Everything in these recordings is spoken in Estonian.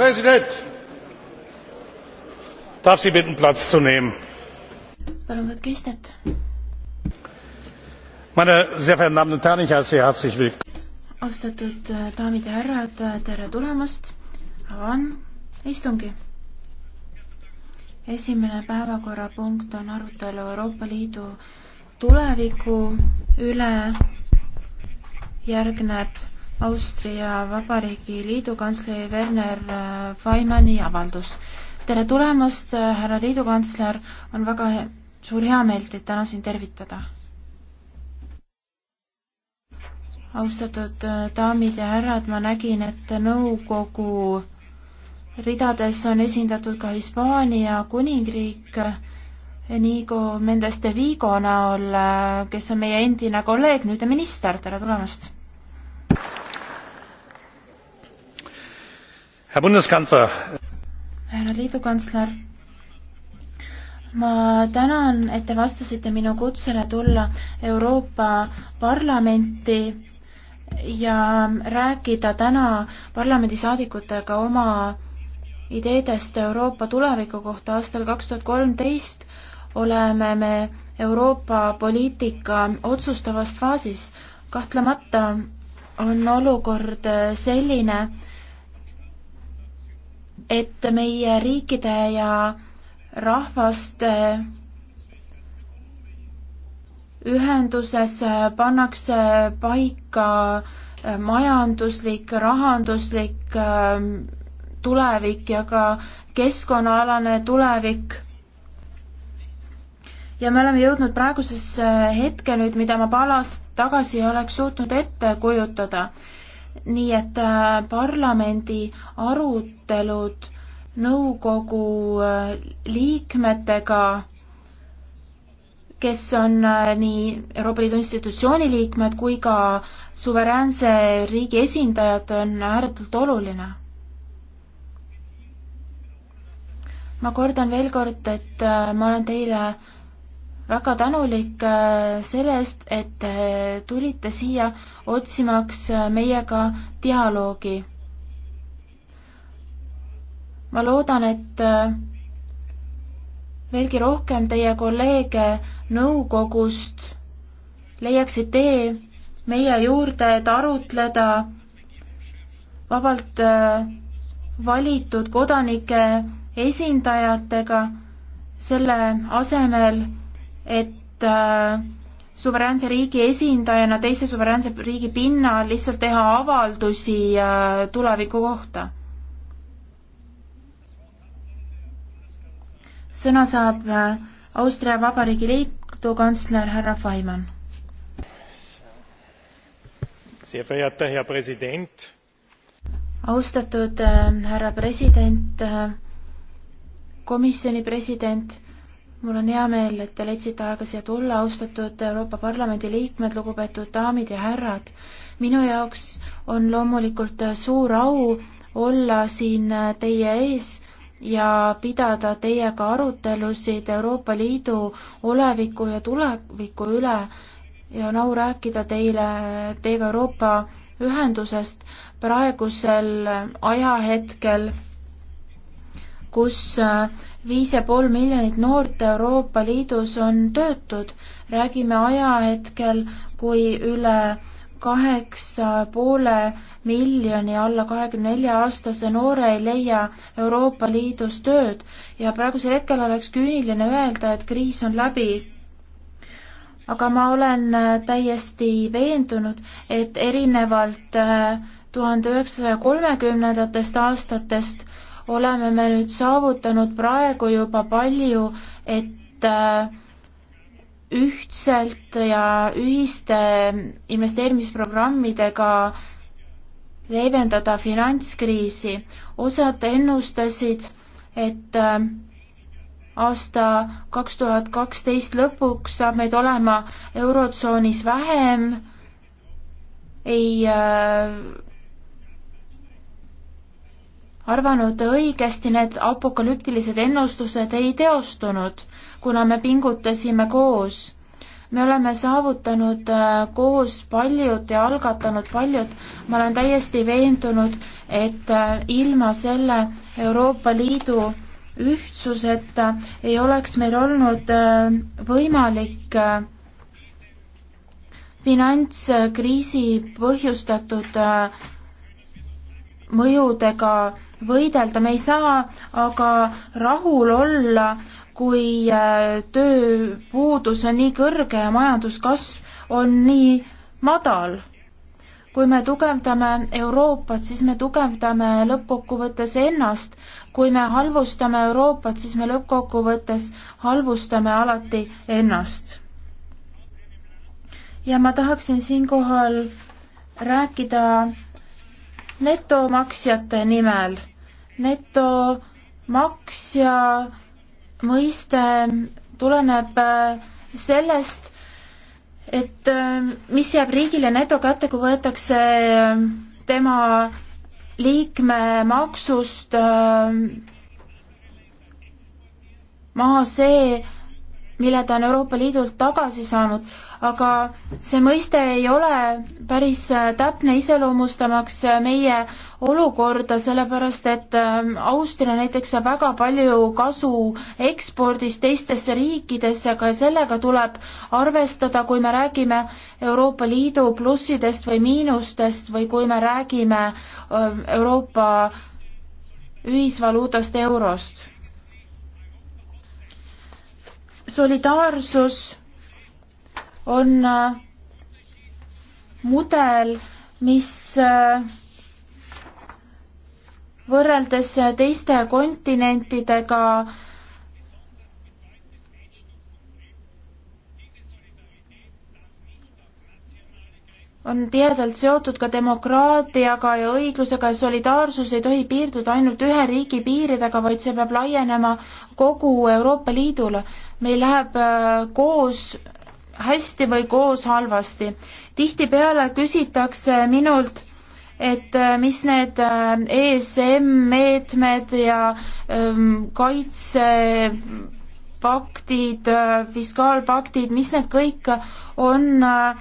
präsident! ich darf sie bitten platz zu nehmen. meine sehr verehrten damen und herren ich heiße sie herzlich willkommen. austatud äh, daamid ja härrad äh, tere tulemast! avan istungi. esimene päevakorrapunkt on arutelu euroopa liidu tuleviku üle järgneb Austria Vabariigi liidukantsleri Werner äh, Faimanni avaldus. tere tulemast, äh, härra liidukantsler, on väga he suur heameel teid täna siin tervitada. austatud äh, daamid ja härrad, ma nägin, et nõukogu ridades on esindatud ka Hispaania kuningriik Enigo Mendes de Vigo näol, kes on meie endine kolleeg, nüüd on minister, tere tulemast! härra Bundeskantsler. härra liidukantsler, ma tänan, et te vastasite minu kutsele tulla Euroopa Parlamenti ja rääkida täna parlamendisaadikutega oma ideedest Euroopa tuleviku kohta aastal kaks tuhat kolmteist oleme me Euroopa poliitika otsustavas faasis. kahtlemata on olukord selline, et meie riikide ja rahvaste ühenduses pannakse paika majanduslik, rahanduslik ähm, tulevik ja ka keskkonnaalane tulevik ja me oleme jõudnud praegusesse äh, hetke nüüd, mida ma paar aastat tagasi ei oleks suutnud ette kujutada nii et äh, parlamendi arutelud nõukogu äh, liikmetega, kes on äh, nii Euroopa Liidu institutsiooni liikmed kui ka suveräänse riigi esindajad, on ääretult oluline. ma kordan veel kord, et ma olen teile väga tänulik äh, selle eest, et äh, tulite siia otsimaks äh, meiega dialoogi. ma loodan, et veelgi rohkem teie kolleege nõukogust leiaksid tee meie juurde, et arutleda vabalt valitud kodanike esindajatega selle asemel, et äh, suveräänse riigi esindajana teise suveräänse riigi pinnal lihtsalt teha avaldusi äh, tuleviku kohta. sõna saab äh, Austria Vabariigi Liidu kantsler härra Faimann. austatud äh, härra president, äh, komisjoni president mul on hea meel, et te leidsite aega siia tulla, austatud Euroopa Parlamendi liikmed, lugupeetud daamid ja härrad. minu jaoks on loomulikult suur au olla siin teie ees ja pidada teiega arutelusid Euroopa Liidu oleviku ja tuleviku üle ja on au rääkida teile, teiega Euroopa ühendusest praegusel ajahetkel kus äh, viis ja pool miljonit noort Euroopa Liidus on töötud. räägime ajahetkel, kui üle kaheksa poole miljoni alla kahekümne nelja aastase noore ei leia Euroopa Liidus tööd ja praegusel hetkel oleks küüniline öelda, et kriis on läbi. aga ma olen äh, täiesti veendunud, et erinevalt äh, tuhande üheksasaja kolmekümnendatest aastatest oleme me nüüd saavutanud praegu juba palju, et äh, ühtselt ja ühiste investeerimisprogrammidega leevendada finantskriisi. osad ennustasid, et äh, aasta kaks tuhat kaksteist lõpuks saab meid olema Eurotsoonis vähem, ei äh, arvanud õigesti, need apokalüptilised ennustused ei teostunud, kuna me pingutasime koos. me oleme saavutanud äh, koos paljud ja algatanud paljud. ma olen täiesti veendunud, et äh, ilma selle Euroopa Liidu ühtsuseta ei oleks meil olnud äh, võimalik finantskriisi põhjustatud mõjudega võidelda, me ei saa aga rahul olla, kui äh, tööpuudus on nii kõrge ja majanduskasv on nii madal. kui me tugevdame Euroopat, siis me tugevdame lõppkokkuvõttes ennast, kui me halvustame Euroopat, siis me lõppkokkuvõttes halvustame alati ennast. ja ma tahaksin siinkohal rääkida netomaksjate nimel netomaksja mõiste tuleneb äh, sellest, et äh, mis jääb riigile netokätte, kui võetakse äh, tema liikmemaksust maha see, mille ta on Euroopa Liidult tagasi saanud, aga see mõiste ei ole päris äh, täpne iseloomustamaks äh, meie olukorda, sellepärast et ähm, Austria näiteks saab väga palju kasu ekspordist teistesse riikidesse, aga sellega tuleb arvestada, kui me räägime Euroopa Liidu plussidest või miinustest või kui me räägime ähm, Euroopa ühisvaluutast eurost solidaarsus on äh, mudel, mis äh, võrreldes äh, teiste kontinentidega on tihedalt seotud ka demokraatiaga ja õiglusega ja solidaarsus ei tohi piirduda ainult ühe riigi piiridega, vaid see peab laienema kogu Euroopa Liidule. meil läheb äh, koos hästi või koos halvasti. tihtipeale küsitakse minult, et äh, mis need äh, ESM meetmed ja ähm, kaitsepaktid, fiskaalpaktid, mis need kõik on äh,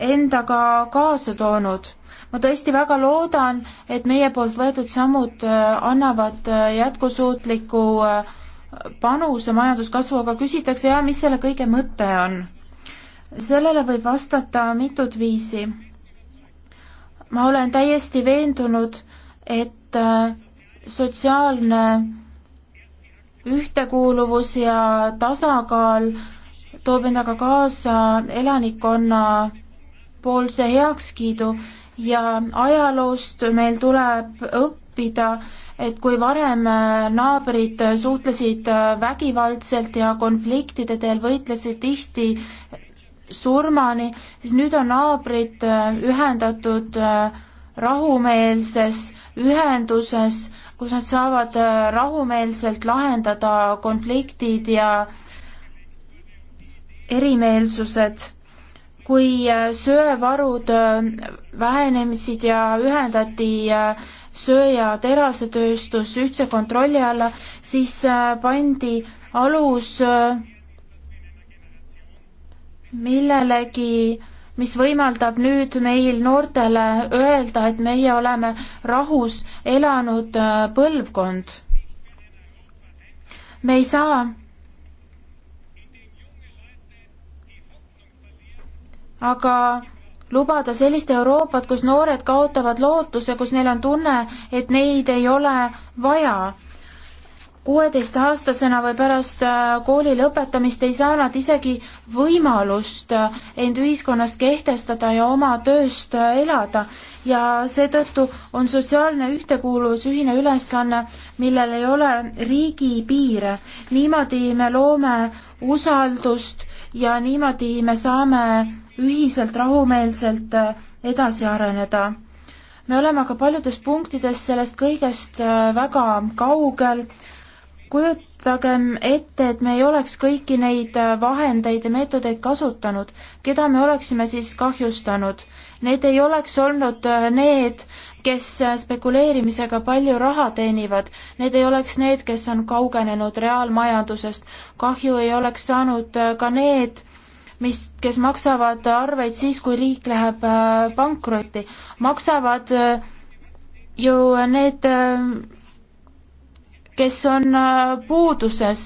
endaga kaasa toonud. ma tõesti väga loodan, et meie poolt võetud sammud äh, annavad äh, jätkusuutliku äh, panuse majanduskasvu, aga küsitakse ja mis selle kõige mõte on? sellele võib vastata mitut viisi. ma olen täiesti veendunud, et sotsiaalne ühtekuuluvus ja tasakaal toob endaga kaasa elanikkonna poolse heakskiidu ja ajaloost meil tuleb õppida, et kui varem naabrid suhtlesid vägivaldselt ja konfliktide teel võitlesid tihti surmani, siis nüüd on naabrid ühendatud rahumeelses ühenduses, kus nad saavad rahumeelselt lahendada konfliktid ja erimeelsused kui äh, söevarud äh, vähenemisid ja ühendati äh, söe- ja terasetööstus ühtse kontrolli alla, siis pandi alus millelegi, mis võimaldab nüüd meil noortele öelda, et meie oleme rahus elanud põlvkond. me ei saa aga lubada sellist Euroopat, kus noored kaotavad lootuse, kus neil on tunne, et neid ei ole vaja. kuueteistaastasena või pärast äh, kooli lõpetamist ei saa nad isegi võimalust äh, end ühiskonnas kehtestada ja oma tööst äh, elada ja seetõttu on sotsiaalne ühtekuuluvus ühine ülesanne, millel ei ole riigipiire. niimoodi me loome usaldust ja niimoodi me saame ühiselt rahumeelselt äh, edasi areneda. me oleme aga paljudes punktides sellest kõigest äh, väga kaugel. kujutagem ette, et me ei oleks kõiki neid äh, vahendeid ja meetodeid kasutanud, keda me oleksime siis kahjustanud. Need ei oleks olnud need, kes spekuleerimisega palju raha teenivad, need ei oleks need, kes on kaugenenud reaalmajandusest. kahju ei oleks saanud ka need, mis, kes maksavad arveid siis, kui riik läheb äh, pankrotti, maksavad äh, ju need, äh, kes on puuduses,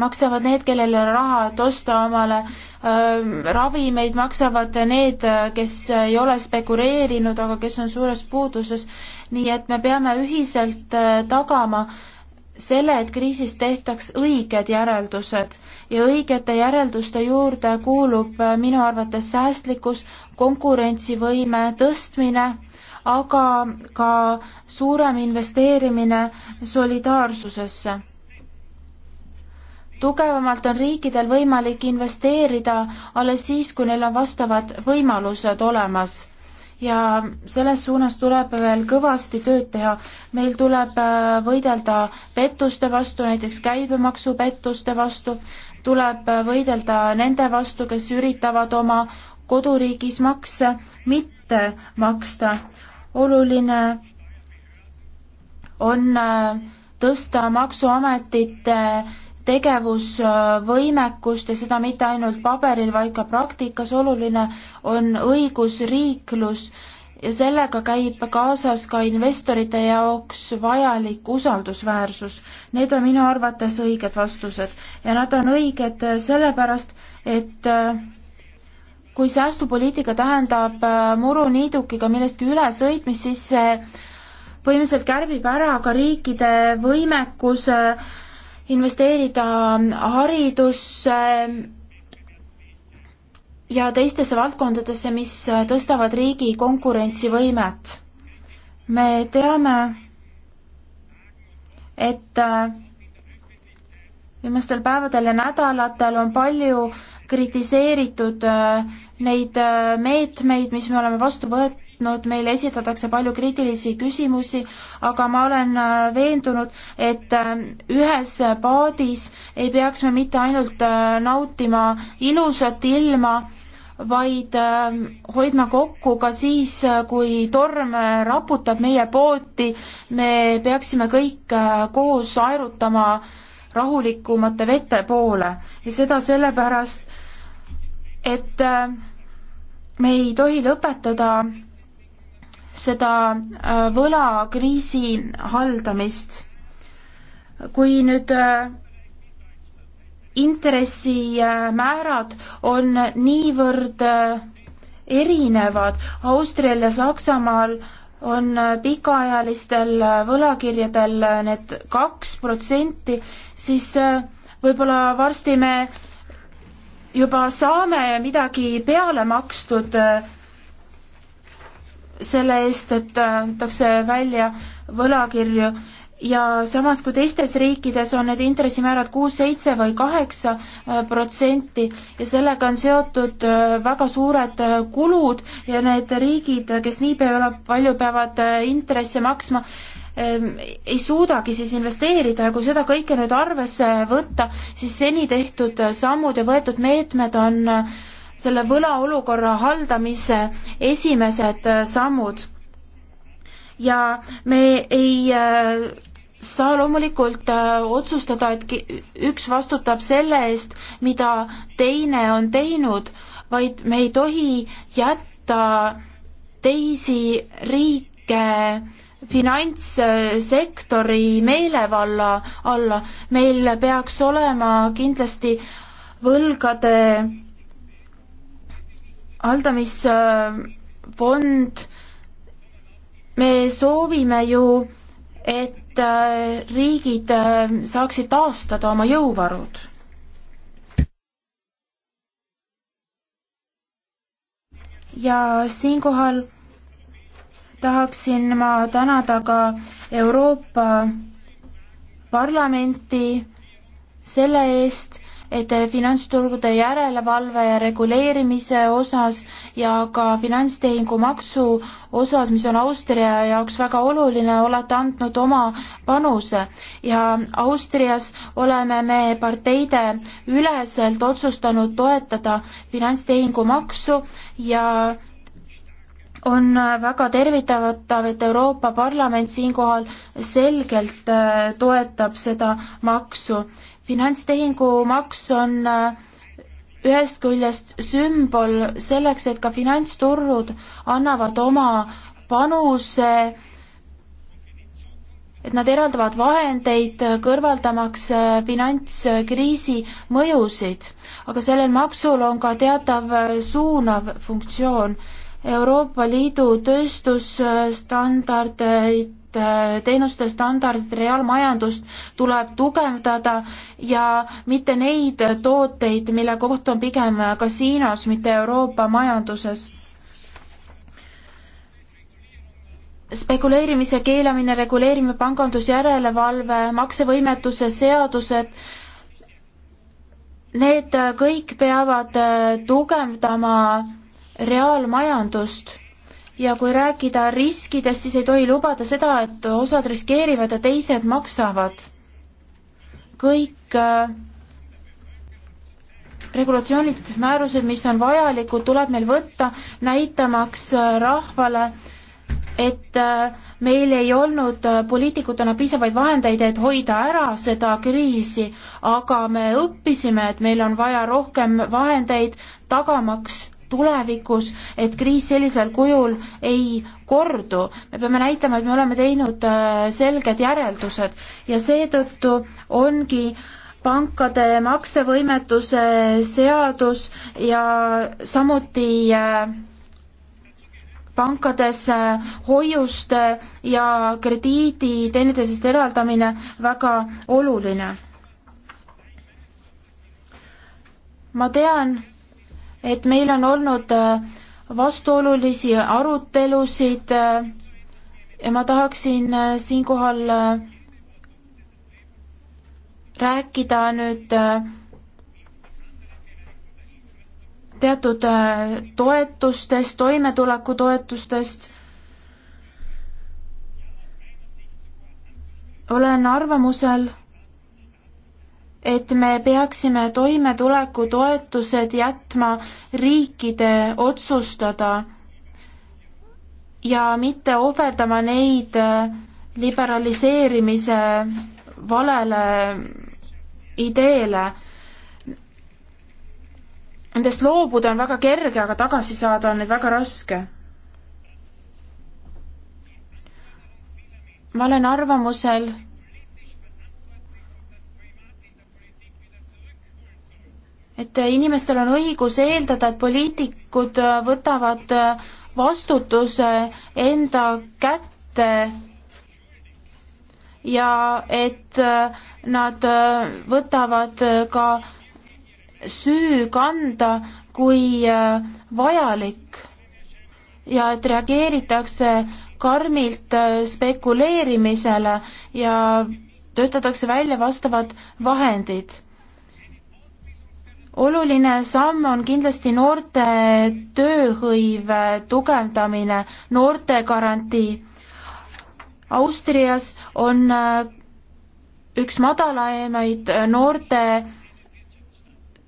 maksavad need, kellel ei ole raha, et osta omale ravimeid, maksavad need, kes ei ole spekuleerinud, aga kes on suures puuduses. nii et me peame ühiselt tagama selle, et kriisist tehtaks õiged järeldused ja õigete järelduste juurde kuulub äh, minu arvates säästlikkus, konkurentsivõime tõstmine, aga ka suurem investeerimine solidaarsusesse tugevamalt on riikidel võimalik investeerida alles siis, kui neil on vastavad võimalused olemas. ja selles suunas tuleb veel kõvasti tööd teha. meil tuleb äh, võidelda pettuste vastu, näiteks käibemaksupettuste vastu, tuleb võidelda nende vastu, kes üritavad oma koduriigis makse mitte maksta. oluline on äh, tõsta Maksuametite tegevusvõimekust ja seda mitte ainult paberil, vaid ka praktikas. oluline on õigusriiklus ja sellega käib kaasas ka investorite jaoks vajalik usaldusväärsus. Need on minu arvates õiged vastused ja nad on õiged sellepärast, et äh, kui säästupoliitika tähendab äh, muruniidukiga millestki ülesõitmist, siis see põhimõtteliselt kärbib ära ka riikide võimekuse äh, investeerida haridusse, ja teistesse valdkondadesse, mis tõstavad riigi konkurentsivõimet. me teame, et äh, viimastel päevadel ja nädalatel on palju kritiseeritud äh, neid äh, meetmeid, mis me oleme vastu võtnud, meile esitatakse palju kriitilisi küsimusi, aga ma olen veendunud, et ühes paadis ei peaks me mitte ainult nautima ilusat ilma, vaid ähm, hoidma kokku ka siis, äh, kui torm äh, raputab meie pooti, me peaksime kõik äh, koos aerutama rahulikumate vete poole ja seda sellepärast, et ähm, me ei tohi lõpetada seda võlakriisi haldamist. kui nüüd intressimäärad on niivõrd äh, erinevad. Austrial ja Saksamaal on äh, pikaajalistel äh, võlakirjadel need kaks protsenti, siis võib-olla varsti me juba saame midagi peale makstud selle eest, et antakse välja võlakirju ja samas kui teistes riikides on need intressimäärad kuus, seitse või kaheksa äh, protsenti ja sellega on seotud äh, väga suured äh, kulud ja need riigid, kes nii palju peavad intresse maksma, ähm, ei suudagi siis investeerida ja kui seda kõike nüüd arvesse võtta, siis seni tehtud sammud ja võetud meetmed on selle võlaolukorra haldamise esimesed sammud ja me ei äh, saa loomulikult äh, otsustada, et üks vastutab selle eest, mida teine on teinud, vaid me ei tohi jätta teisi riike finantssektori meelevalla alla. meil peaks olema kindlasti võlgade haldamisfond me soovime ju, et äh, riigid äh, saaksid taastada oma jõuvarud. ja siinkohal tahaksin ma tänada ka Euroopa Parlamenti selle eest, et finantsturgude järelevalve ja reguleerimise osas ja ka finantstehingumaksu osas, mis on Austria jaoks väga oluline, olete andnud oma panuse. ja Austrias oleme me parteide üleselt otsustanud toetada finantstehingumaksu ja on väga tervitatav, et Euroopa Parlament siinkohal selgelt äh, toetab seda maksu finantstehingumaks on äh, ühest küljest sümbol selleks, et ka finantsturud annavad oma panuse, et nad eraldavad vahendeid, äh, kõrvaldamaks äh, finantskriisi mõjusid. aga sellel maksul on ka teatav suunav funktsioon. Euroopa Liidu tööstusstandardeid et äh, teenuste standard reaalmajandust tuleb tugevdada ja mitte neid tooteid, mille koht on pigem äh, kasiinos, mitte Euroopa majanduses. spekuleerimise keelamine, reguleerimine, pangandusjärelevalve, maksevõimetuse seadused, need äh, kõik peavad tugevdama reaalmajandust ja kui rääkida riskidest, siis ei tohi lubada seda, et osad riskeerivad ja teised maksavad. kõik äh, regulatsioonid, määrused, mis on vajalikud, tuleb meil võtta, näitamaks äh, rahvale, et äh, meil ei olnud äh, poliitikutena piisavaid vahendeid, et hoida ära seda kriisi, aga me õppisime, et meil on vaja rohkem vahendeid tagamaks tulevikus, et kriis sellisel kujul ei kordu. me peame näitama, et me oleme teinud äh, selged järeldused ja seetõttu ongi pankade maksevõimetuse seadus ja samuti äh, pankades äh, hoiuste ja krediidi teineteisest eraldamine väga oluline. ma tean, et meil on olnud äh, vastuolulisi arutelusid äh, ja ma tahaksin äh, siinkohal rääkida nüüd teatud toetustest, toimetulekutoetustest. olen arvamusel, et me peaksime toimetulekutoetused jätma riikide otsustada ja mitte ohverdama neid äh, liberaliseerimise valele ideele. Nendest loobuda on väga kerge, aga tagasi saada on neid väga raske. ma olen arvamusel et inimestel on õigus eeldada, et poliitikud äh, võtavad äh, vastutuse enda kätte ja et äh, nad võtavad ka süü kanda, kui vajalik ja et reageeritakse karmilt spekuleerimisele ja töötatakse välja vastavad vahendid oluline samm on kindlasti noorte tööhõive tugevdamine, noortegarantii. Austrias on äh, üks madalaimaid äh, noorte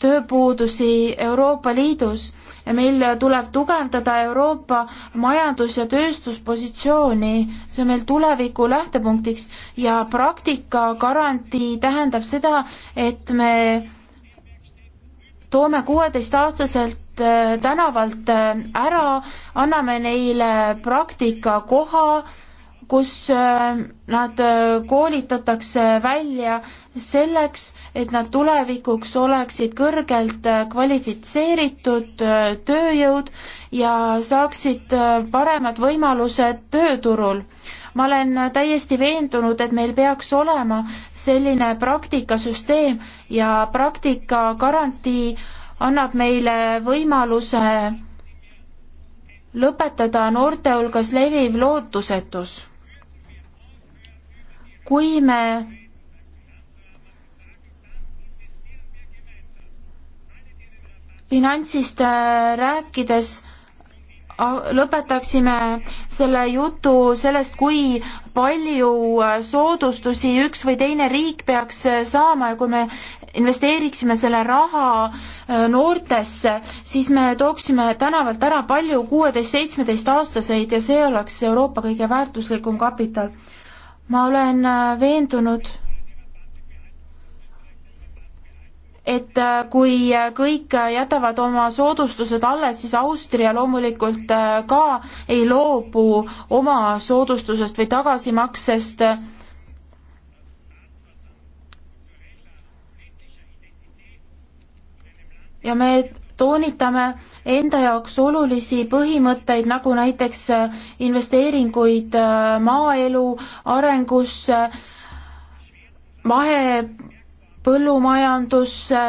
tööpuudusi Euroopa Liidus ja meil tuleb tugevdada Euroopa majandus- ja tööstuspositsiooni, see on meil tuleviku lähtepunktiks ja praktika garantii tähendab seda, et me toome kuueteistaastaselt äh, tänavalt äh, ära, anname neile praktikakoha, kus äh, nad äh, koolitatakse välja selleks, et nad tulevikuks oleksid kõrgelt äh, kvalifitseeritud tööjõud ja saaksid paremad võimalused tööturul. ma olen täiesti veendunud, et meil peaks olema selline praktikasüsteem ja praktikagarantii annab meile võimaluse lõpetada noorte hulgas leviv lootusetus kui me finantsist äh, rääkides lõpetaksime selle jutu sellest, kui palju äh, soodustusi üks või teine riik peaks äh, saama ja kui me investeeriksime selle raha noortesse, siis me tooksime tänavalt ära palju kuueteist-seitsmeteist aastaseid ja see oleks Euroopa kõige väärtuslikum kapital ma olen äh, veendunud, et äh, kui äh, kõik jätavad oma soodustused alles, siis Austria loomulikult ka ei loobu oma soodustusest või tagasimaksest. ja me toonitame enda jaoks olulisi põhimõtteid, nagu näiteks äh, investeeringuid äh, maaelu arengusse, mahepõllumajandusse,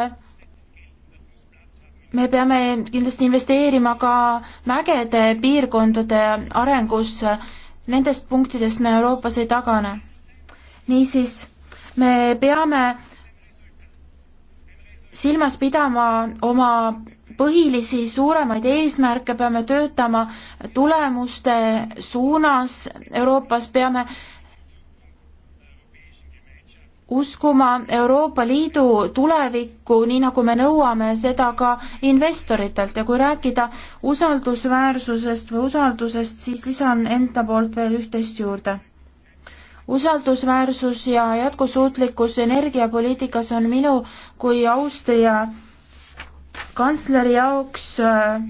me peame kindlasti investeerima ka mägede piirkondade arengusse, nendest punktidest me Euroopas ei tagane. niisiis, me peame silmas pidama oma põhilisi suuremaid eesmärke, peame töötama tulemuste suunas Euroopas, peame uskuma Euroopa Liidu tulevikku, nii nagu me nõuame seda ka investoritelt ja kui rääkida usaldusväärsusest või usaldusest, siis lisan enda poolt veel üht-teist juurde usaldusväärsus ja jätkusuutlikkus energiapoliitikas on minu kui Austria kantsleri jaoks äh,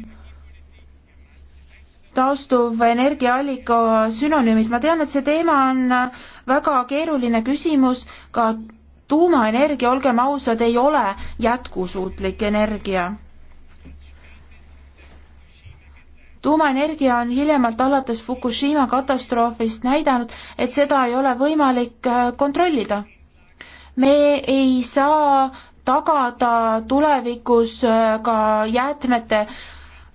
taastuvenergiaallika sünonüümid, ma tean, et see teema on äh, väga keeruline küsimus, ka tuumaenergia, olgem ausad, ei ole jätkusuutlik energia tuumaenergia on hiljemalt alates Fukushima katastroofist näidanud, et seda ei ole võimalik äh, kontrollida. me ei saa tagada tulevikus äh, ka jäätmete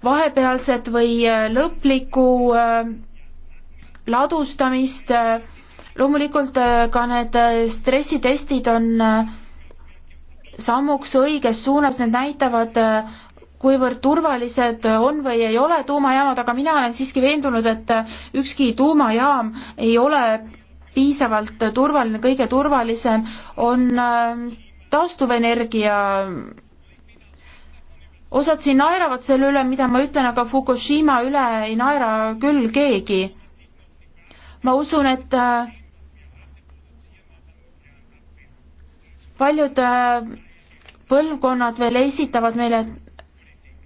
vahepealset või äh, lõplikku ladustamist. loomulikult ka need stressitestid on sammuks õiges suunas, need näitavad kuivõrd turvalised on või ei ole tuumajaamad, aga mina olen siiski veendunud, et ükski tuumajaam ei ole piisavalt turvaline, kõige turvalisem on ähm, taastuvenergia osad siin naeravad selle üle, mida ma ütlen, aga Fukushima üle ei naera küll keegi. ma usun, et äh, paljud äh, põlvkonnad veel esitavad meile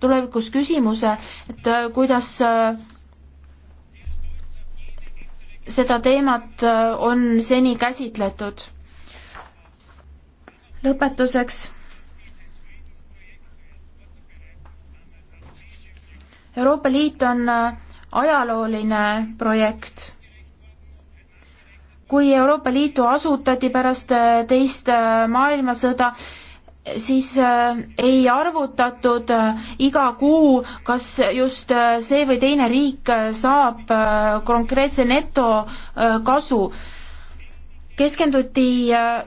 tulevikus küsimuse, et äh, kuidas äh, seda teemat äh, on seni käsitletud. lõpetuseks. Euroopa Liit on ajalooline projekt. kui Euroopa Liitu asutati pärast teist maailmasõda, siis äh, ei arvutatud äh, iga kuu, kas just äh, see või teine riik saab konkreetse netokasu. keskenduti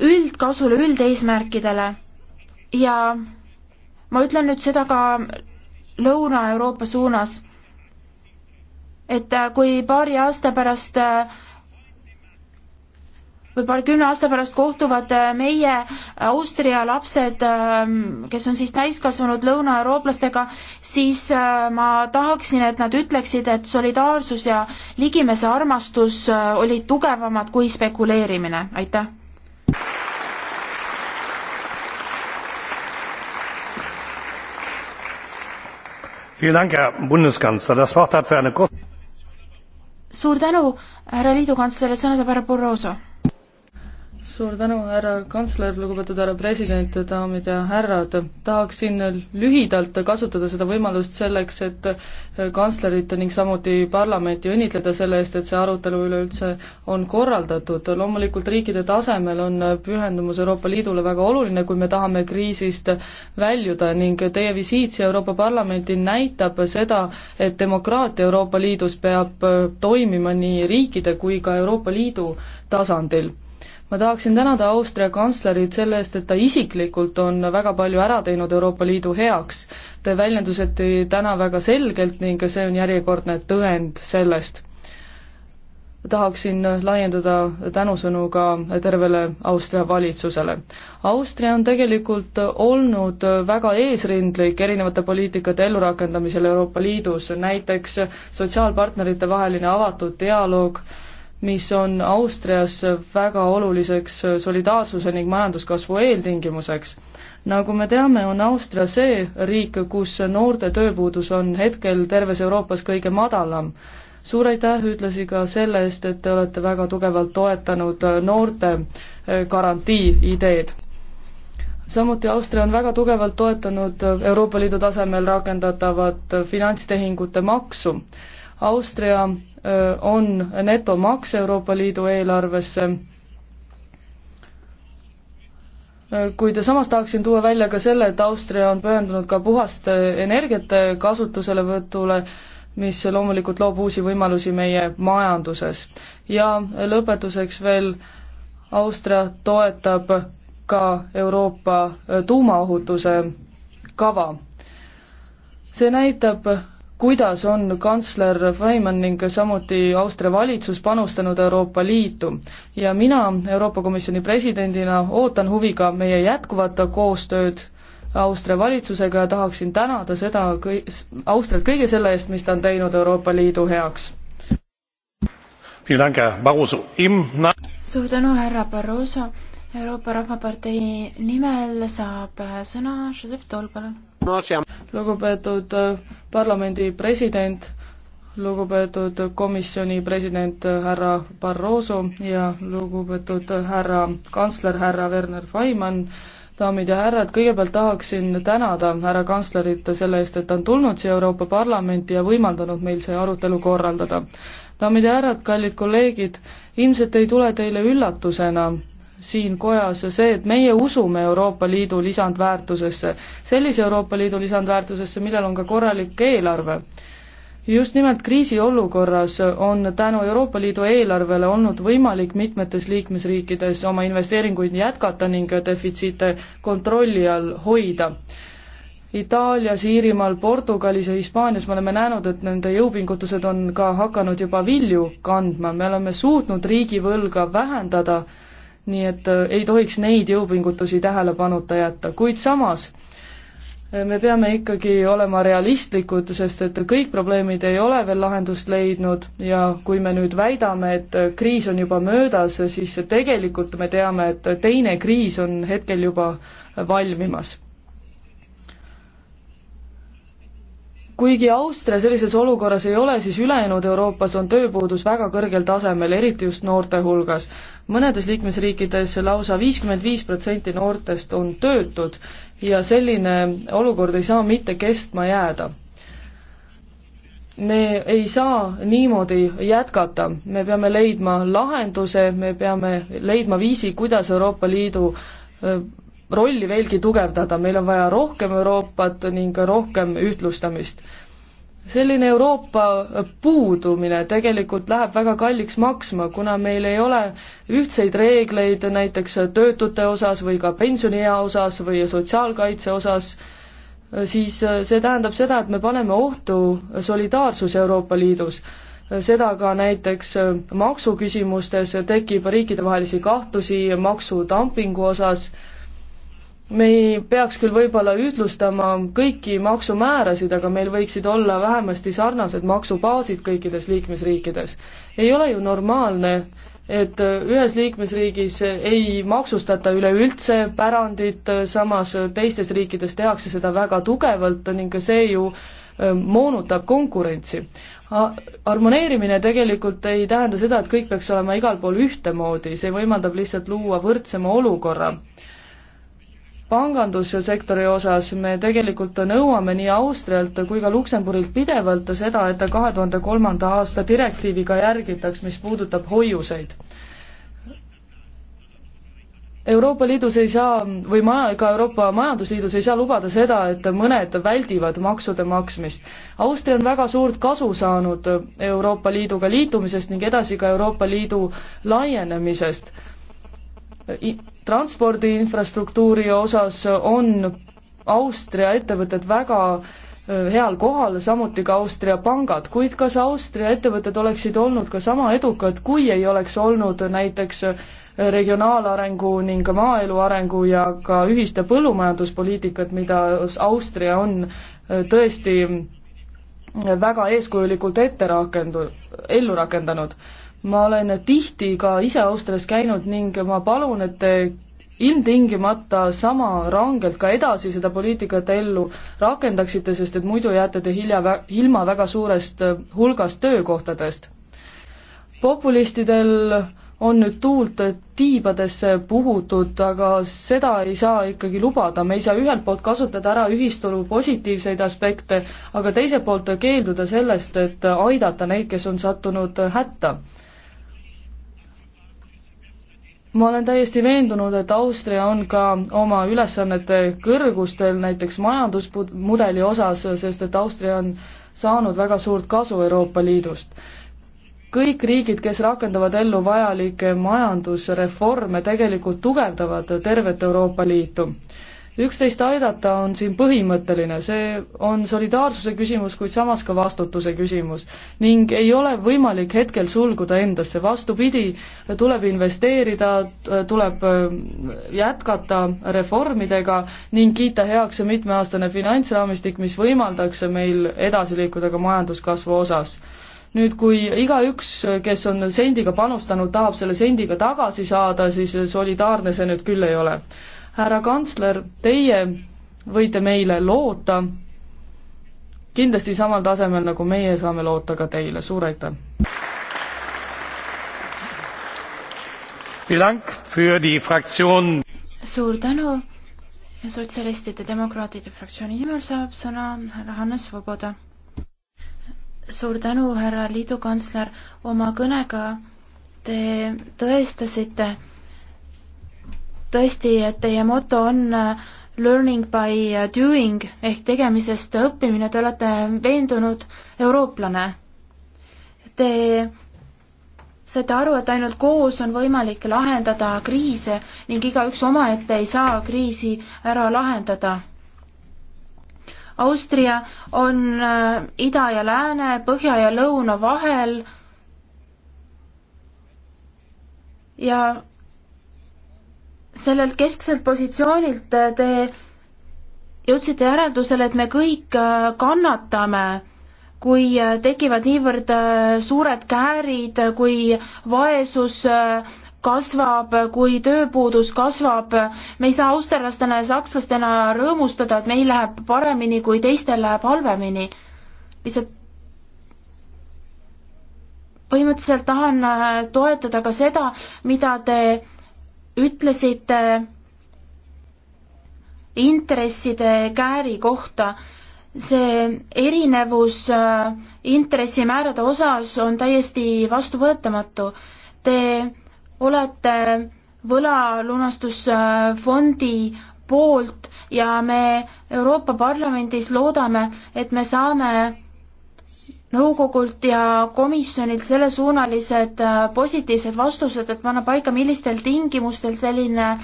üldkasule, üldeesmärkidele ja ma ütlen nüüd seda ka Lõuna-Euroopa suunas, et kui paari aasta pärast äh, võib-olla kümne aasta pärast kohtuvad äh, meie äh, Austria lapsed, ähm, kes on siis täiskasvanud lõunaeurooplastega, siis äh, ma tahaksin, et nad ütleksid, et solidaarsus ja ligimese armastus olid tugevamad kui spekuleerimine, aitäh! suur tänu härra liidukantsler sõnade härra barroso! suur tänu, härra kantsler, lugupeetud härra president, daamid ja härrad. tahaksin lühidalt kasutada seda võimalust selleks, et kantslerit ning samuti parlamenti õnnitleda selle eest, et see arutelu üleüldse on korraldatud. loomulikult riikide tasemel on pühendumus Euroopa Liidule väga oluline, kui me tahame kriisist väljuda ning teie visiit siia Euroopa Parlamenti näitab seda, et demokraatia Euroopa Liidus peab toimima nii riikide kui ka Euroopa Liidu tasandil ma tahaksin tänada Austria kantslerit selle eest, et ta isiklikult on väga palju ära teinud Euroopa Liidu heaks. Te väljendusite täna väga selgelt ning see on järjekordne tõend sellest. tahaksin laiendada tänusõnu ka tervele Austria valitsusele. Austria on tegelikult olnud väga eesrindlik erinevate poliitikate ellurakendamisel Euroopa Liidus, näiteks sotsiaalpartnerite vaheline avatud dialoog, mis on Austrias väga oluliseks äh, solidaarsuse ning majanduskasvu eeltingimuseks. nagu me teame, on Austria see riik, kus noorte tööpuudus on hetkel terves Euroopas kõige madalam. suur aitäh ühtlasi ka selle eest, et te olete väga tugevalt toetanud äh, noorte äh, garantii ideed samuti Austria on väga tugevalt toetanud Euroopa Liidu tasemel rakendatavat finantstehingute maksu Austria on netomaks Euroopa Liidu eelarvesse. kuid samas tahaksin tuua välja ka selle, et Austria on pühendunud ka puhaste energiate kasutuselevõtule, mis loomulikult loob uusi võimalusi meie majanduses. ja lõpetuseks veel, Austria toetab ka Euroopa tuumaohutuse kava. see näitab, kuidas on kantsler Freiman ning samuti Austria valitsus panustanud Euroopa Liitu. ja mina Euroopa Komisjoni presidendina ootan huviga meie jätkuvat koostööd Austria valitsusega ja tahaksin tänada seda kõi-, Austriat kõige selle eest, mis ta on teinud Euroopa Liidu heaks. suur tänu, härra Barroso. Euroopa Rahvapartei nimel saab äh, sõna Joseph Toll, palun. lugupeetud äh, parlamendi president, lugupeetud komisjoni president härra Barroso ja lugupeetud härra kantsler härra Werner Faimann, daamid ja härrad, kõigepealt tahaksin tänada härra kantslerit selle eest, et ta on tulnud siia Euroopa Parlamenti ja võimaldanud meil see arutelu korraldada. daamid ja härrad, kallid kolleegid, ilmselt ei tule teile üllatusena, siin kojas see, et meie usume Euroopa Liidu lisandväärtusesse, sellise Euroopa Liidu lisandväärtusesse, millel on ka korralik eelarve. just nimelt kriisiolukorras on tänu Euroopa Liidu eelarvele olnud võimalik mitmetes liikmesriikides oma investeeringuid jätkata ning defitsiite kontrolli all hoida. Itaalias, Iirimaal, Portugalis ja Hispaanias me oleme näinud, et nende jõupingutused on ka hakanud juba vilju kandma, me oleme suutnud riigivõlga vähendada nii et äh, ei tohiks neid jõupingutusi tähelepanuta jätta, kuid samas äh, me peame ikkagi olema realistlikud, sest et kõik probleemid ei ole veel lahendust leidnud ja kui me nüüd väidame, et äh, kriis on juba möödas, siis tegelikult me teame, et teine kriis on hetkel juba valmimas. kuigi Austria sellises olukorras ei ole, siis ülejäänud Euroopas on tööpuudus väga kõrgel tasemel, eriti just noorte hulgas mõnedes liikmesriikides lausa viiskümmend viis protsenti noortest on töötud ja selline olukord ei saa mitte kestma jääda. me ei saa niimoodi jätkata, me peame leidma lahenduse, me peame leidma viisi, kuidas Euroopa Liidu rolli veelgi tugevdada, meil on vaja rohkem Euroopat ning rohkem ühtlustamist selline Euroopa puudumine tegelikult läheb väga kalliks maksma, kuna meil ei ole ühtseid reegleid näiteks töötute osas või ka pensioniea osas või sotsiaalkaitse osas, siis see tähendab seda, et me paneme ohtu solidaarsuse Euroopa Liidus. seda ka näiteks maksuküsimustes tekib riikidevahelisi kahtlusi maksudumpingu osas me ei peaks küll võib-olla ühtlustama kõiki maksumäärasid, aga meil võiksid olla vähemasti sarnased maksubaasid kõikides liikmesriikides. ei ole ju normaalne, et ühes liikmesriigis ei maksustata üleüldse pärandit, samas teistes riikides tehakse seda väga tugevalt ning ka see ju moonutab konkurentsi. Harmoneerimine tegelikult ei tähenda seda, et kõik peaks olema igal pool ühtemoodi, see võimaldab lihtsalt luua võrdsema olukorra pangandussektori osas me tegelikult nõuame nii Austrialt kui ka Luksemburgilt pidevalt seda, et kahe tuhande kolmanda aasta direktiivi ka järgitaks, mis puudutab hoiuseid. Euroopa Liidus ei saa või ma-, ka Euroopa Majandusliidus ei saa lubada seda, et mõned väldivad maksude maksmist. Austria on väga suurt kasu saanud Euroopa Liiduga liitumisest ning edasi ka Euroopa Liidu laienemisest I transpordi infrastruktuuri osas on Austria ettevõtted väga heal kohal, samuti ka Austria pangad, kuid kas Austria ettevõtted oleksid olnud ka sama edukad, kui ei oleks olnud näiteks regionaalarengu ning maaelu arengu ja ka ühiste põllumajanduspoliitikat, mida Austria on tõesti väga eeskujulikult ette rakendu-, ellu rakendanud ma olen tihti ka ise Austrias käinud ning ma palun, et te ilmtingimata sama rangelt ka edasi seda poliitikat ellu rakendaksite, sest et muidu jääte te hilja, ilma väga suurest äh, hulgast töökohtadest. populistidel on nüüd tuult tiibadesse puhutud, aga seda ei saa ikkagi lubada, me ei saa ühelt poolt kasutada ära ühisturu positiivseid aspekte, aga teiselt poolt keelduda sellest, et aidata neid, kes on sattunud äh, hätta ma olen täiesti veendunud, et Austria on ka oma ülesannete kõrgustel näiteks majandusmudeli osas, sest et Austria on saanud väga suurt kasu Euroopa Liidust. kõik riigid, kes rakendavad ellu vajalikke majandusreforme, tegelikult tugevdavad tervet Euroopa Liitu üksteist aidata on siin põhimõtteline, see on solidaarsuse küsimus, kuid samas ka vastutuse küsimus. ning ei ole võimalik hetkel sulguda endasse, vastupidi, tuleb investeerida, tuleb äh, jätkata reformidega ning kiita heaks see mitmeaastane finantsraamistik, mis võimaldaks meil edasi liikuda ka majanduskasvu osas nüüd, kui igaüks, kes on sendiga panustanud, tahab selle sendiga tagasi saada, siis solidaarne see nüüd küll ei ole härra kantsler, teie võite meile loota kindlasti samal tasemel, nagu meie saame loota ka teile, suur aitäh! suur tänu, sotsialistide demokraatide fraktsiooni nimel saab sõna härra Hannes Voboda. suur tänu, härra liidukantsler, oma kõnega te tõestasite, tõesti, et teie moto on äh, learning by äh, doing ehk tegemisest õppimine, te olete veendunud eurooplane. Te saate aru, et ainult koos on võimalik lahendada kriise ning igaüks omaette ei saa kriisi ära lahendada. Austria on äh, ida ja lääne, põhja ja lõuna vahel ja sellelt keskselt positsioonilt äh, te jõudsite järeldusele, et me kõik äh, kannatame, kui äh, tekivad niivõrd suured käärid, kui vaesus kasvab, kui tööpuudus kasvab, me ei saa austerlastena ja sakslastena rõõmustada, et meil läheb paremini, kui teistel läheb halvemini. lihtsalt põhimõtteliselt tahan toetada ka seda, mida te ütlesite äh, intresside kääri kohta. see erinevus äh, intressimäärade osas on täiesti vastuvõetamatu. Te olete võlalunastusfondi poolt ja me Euroopa Parlamendis loodame, et me saame nõukogult ja komisjonilt sellesuunalised äh, positiivsed vastused, et panna paika, millistel tingimustel selline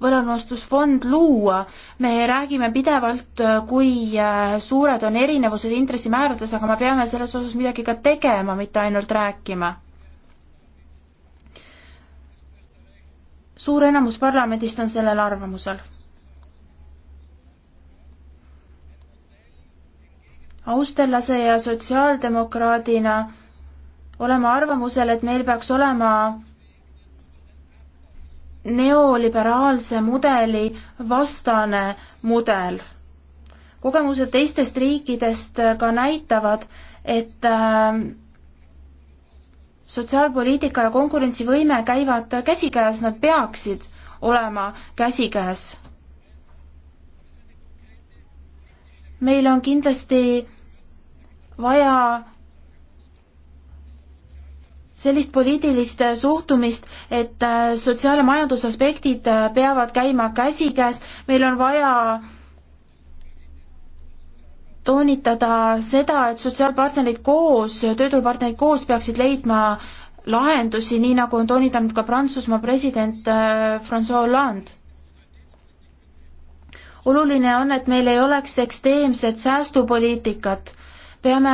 võlanõustusfond luua. me räägime pidevalt, äh, kui äh, suured on erinevused intressimäärades, aga me peame selles osas midagi ka tegema, mitte ainult rääkima. suur enamus parlamendist on sellel arvamusel austerlase ja sotsiaaldemokraadina oleme arvamusel, et meil peaks olema neoliberaalse mudeli vastane mudel. kogemused teistest riikidest ka näitavad, et äh, sotsiaalpoliitika ja konkurentsivõime käivad käsikäes, nad peaksid olema käsikäes meil on kindlasti vaja sellist poliitilist suhtumist, et äh, sotsiaal- ja majandusaspektid äh, peavad käima käsikäes, meil on vaja toonitada seda, et sotsiaalpartnerid koos, tööturupartnerid koos peaksid leidma lahendusi, nii nagu on toonitanud ka Prantsusmaa president äh, Francois Hollande oluline on, et meil ei oleks ekstreemset säästupoliitikat. peame